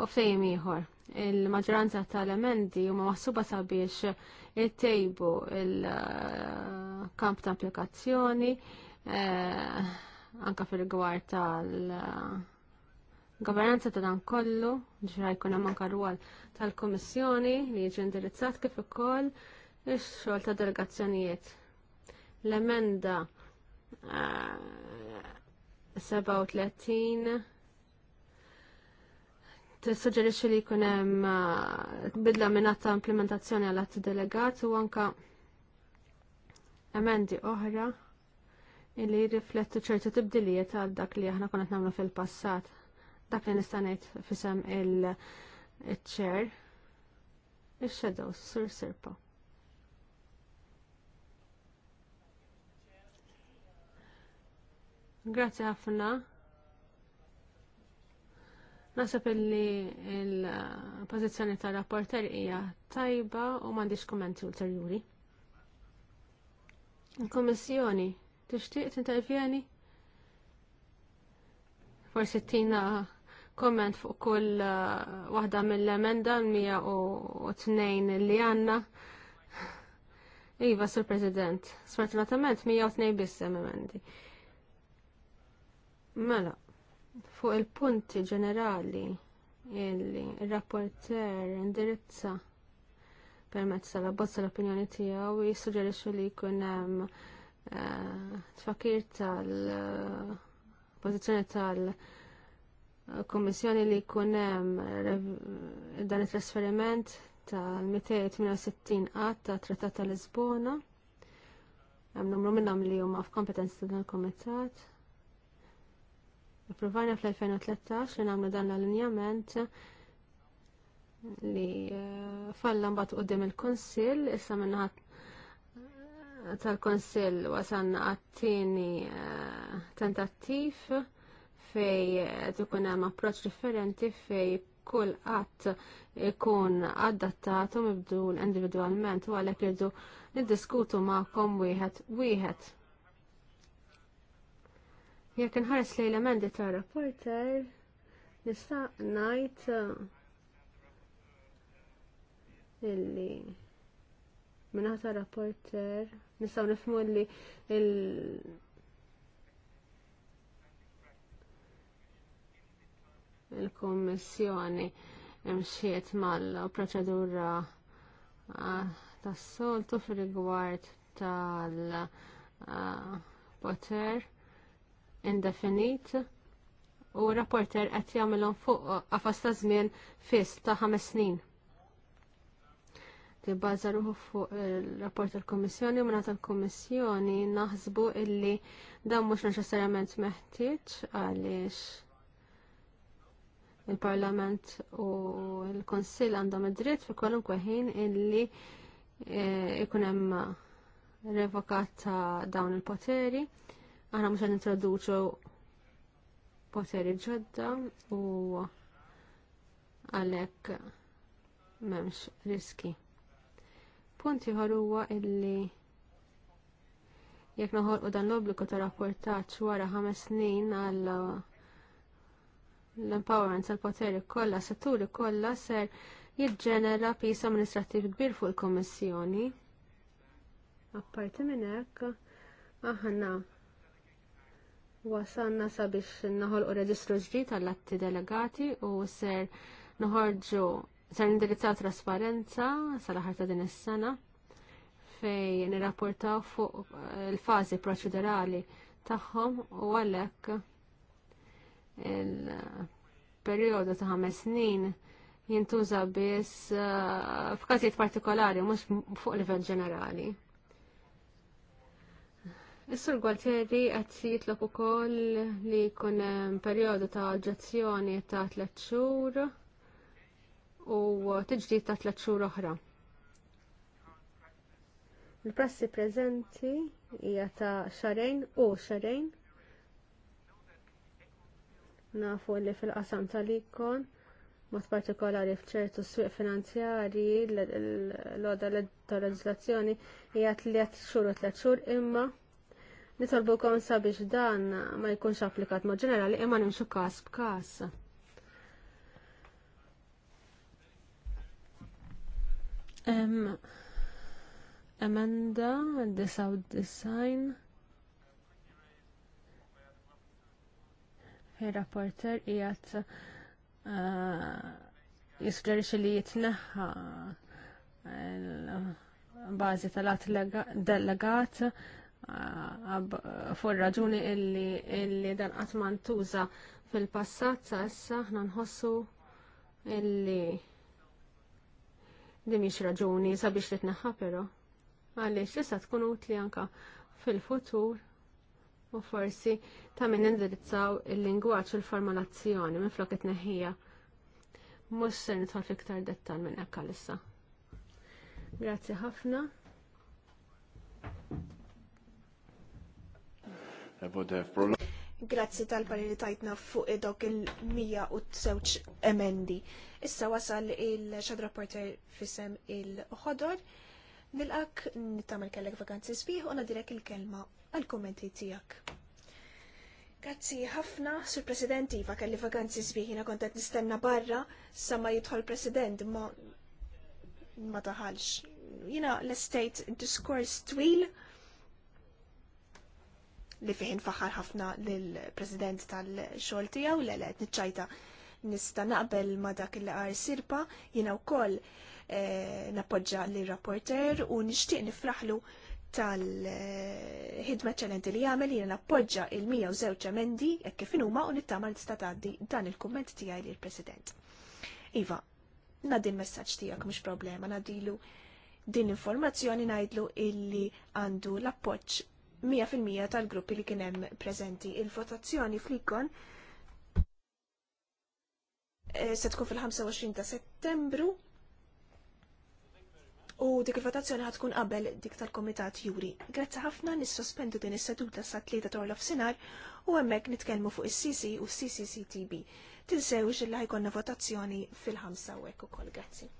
S4: u fejm ieħor. Il-maġranza tal-emendi huma maħsuba sabiex ittejbu il-kamp ta' applikazzjoni eh, anka fil-gwar tal- governanza ta' dan kollu, ġra jkun hemm anke rwol tal-Kummissjoni li jiġi indirizzat kif ukoll ix-xogħol ta' delegazzjonijiet. L-emenda
S5: 37
S4: eh, tissuġġerixxi li jkun hemm eh, bidla minnata implementazzjoni għal għat delegat u anka emendi oħra li riflettu ċertu tibdilijiet għal dak li aħna konna nagħmlu fil-passat. Dak li nista' ngħid fisem il-chair. il-shadow shadows sur sirpa. Grazie ħafna. Nasab illi il-pozizjoni ta' rapporter hija tajba u m'għandix kummenti ulterjuri. Il-Kommissjoni tixtieq tintervjeni? Forsi tina komment fuq kull uh, waħda mill-emenda l-102 li għanna. Iva, Sur President, sfortunatament 102 biss emendi. Mela, fuq il-punti ġenerali illi il-rapporter indirizza permezz tal-abbozza l-opinjoni tiegħu jissuġġerixxu li jkun hemm eh, tfakir tal-pożizzjoni tal-Kummissjoni li jkun hemm dan it-trasferiment tal-268 qatt ta' Trattat ta' Lisbona. Hemm numru minnhom li huma f'kompetenza tal-Kumitat Approvajna fl-2013 li nagħmlu dan l-allinjament li eh, falla mbagħad qudiem il-Kunsill, issa minnaħat eh, tal-Kunsill wasanna għattini tieni eh, tentattiv fej tukun hemm approċċ differenti fej kull qatt ikun adattatu mibdul individwalment u għalhekk irdu niddiskutu magħkom wieħed wieħed. Jekk inħares lejn l-emendi ta' rapporter, nista' ngħid uh, illi minna ta' rapporter nistgħu nifmu illi il- il-kommissjoni imxiet mal-proċedura uh, tas-soltu fil-rigward tal-poter. Uh, indefinit u rapporter qed jagħmilhom fuq qafas ta' żmien fis ta' ħames snin. Tibbaża ruħu fuq il-rapport tal-Kummissjoni u minn tal-Kummissjoni naħsbu illi dan mhux neċessarjament meħtieġ għaliex il-Parlament u l-Konsil għandhom id-dritt fi kwalunkwe ħin illi eh, ikun hemm revokat ta' dawn il-poteri. Aħna mhux għan introduċu poteri ġodda u għalhekk m'hemmx riski. Punt ieħor huwa illi jekk u dan l obliku ta' rapportaġġ wara ħames snin għal l-empowerment tal-poteri kollha setturi kollha ser jiġġenera pisa amministrativ kbir fuq il-Kommissjoni. Apparti minn hekk aħna Wasanna sabiex naħolqu reġistru ġdid għall-atti delegati u ser noħorġu ser indirizzaw trasparenza sal-aħħar ta' din is-sena fej nirrapportaw fuq eh, il-fażi proċedurali tagħhom u għalhekk il-perjodu ta' ħames snin jintuża biss eh, f'każijiet partikolari mhux fuq livell ġenerali. Is-sur Gualtieri qed jitlob ukoll li jkun hemm perjodu ta' oġġezzjoni ta' tliet xhur u tiġdid ta' tliet xhur oħra. Il-prassi preżenti hija ta' xarejn u xarejn nafu li fil-qasam tal-ikon mod partikolari fċertu swieq finanzjarji l-oda tal-leġislazzjoni hija tliet xhur u tliet xhur imma Nitolbu kon sabiex dan ma jkunx applikat ma ġenerali imma nimxu kas b'kas. Amanda, Disaw Design. Il-rapporter jgħat eh, jisflerix li jitneħħa bazi tal-għat delegat fuq raġuni illi dan qatt ma ntuża fil-passat sa issa aħna nħossu illi di raġuni sabiex li tneħħa però għaliex issa tkun utli anka fil-futur u forsi ta' min indirizzaw il-lingwaċ u l-formulazzjoni minn flok it-neħija. Mux ser nitħol fiktar dettal minn ekka lissa. Grazie ħafna.
S2: Grazzi tal li tajtna fuq id-dok il t-sewċ emendi. Issa wasal il-xadra porter fissem il-ħodor. Nilqak nittamal kellek vakanzi sbiħ u nadirek il-kelma għal-kommenti tijak. Grazzi ħafna, sur President Iva, kelli vakanzi jina kontet nistenna barra, sama jidħol President, ma ma taħalx. Jina l-estate diskors twil, li fiħin faħar ħafna lill-President tal-xogħol tiegħu l għed niċċajta nista' naqbel ma dak li qar sirpa jiena wkoll eh, nappoġġa li rapporter u nixtieq nifraħlu tal-ħidma ċalenti li jagħmel jiena nappoġġa il żewġ emendi hekk kif huma u nittama nista' tgħaddi dan il-kumment tiegħi lill-President. Iva, nadi l-messaġġ tiegħek mhux problema, nadilu din l-informazzjoni ngħidlu illi għandu l-appoġġ 100% tal-gruppi li kien hemm preżenti. Il-votazzjoni flikon eh, se tkun fil-25 ta' settembru u dik il-votazzjoni ħad tkun qabel dik tal-Komitat Juri. Grazzi ħafna nissospendu din is-seduta sa' tlieta torla sinar u hemmhekk nitkellmu fuq is-CC u CCCTB. Tinsewx il ħajkonna votazzjoni fil-ħamsa u ukoll. Grazzi.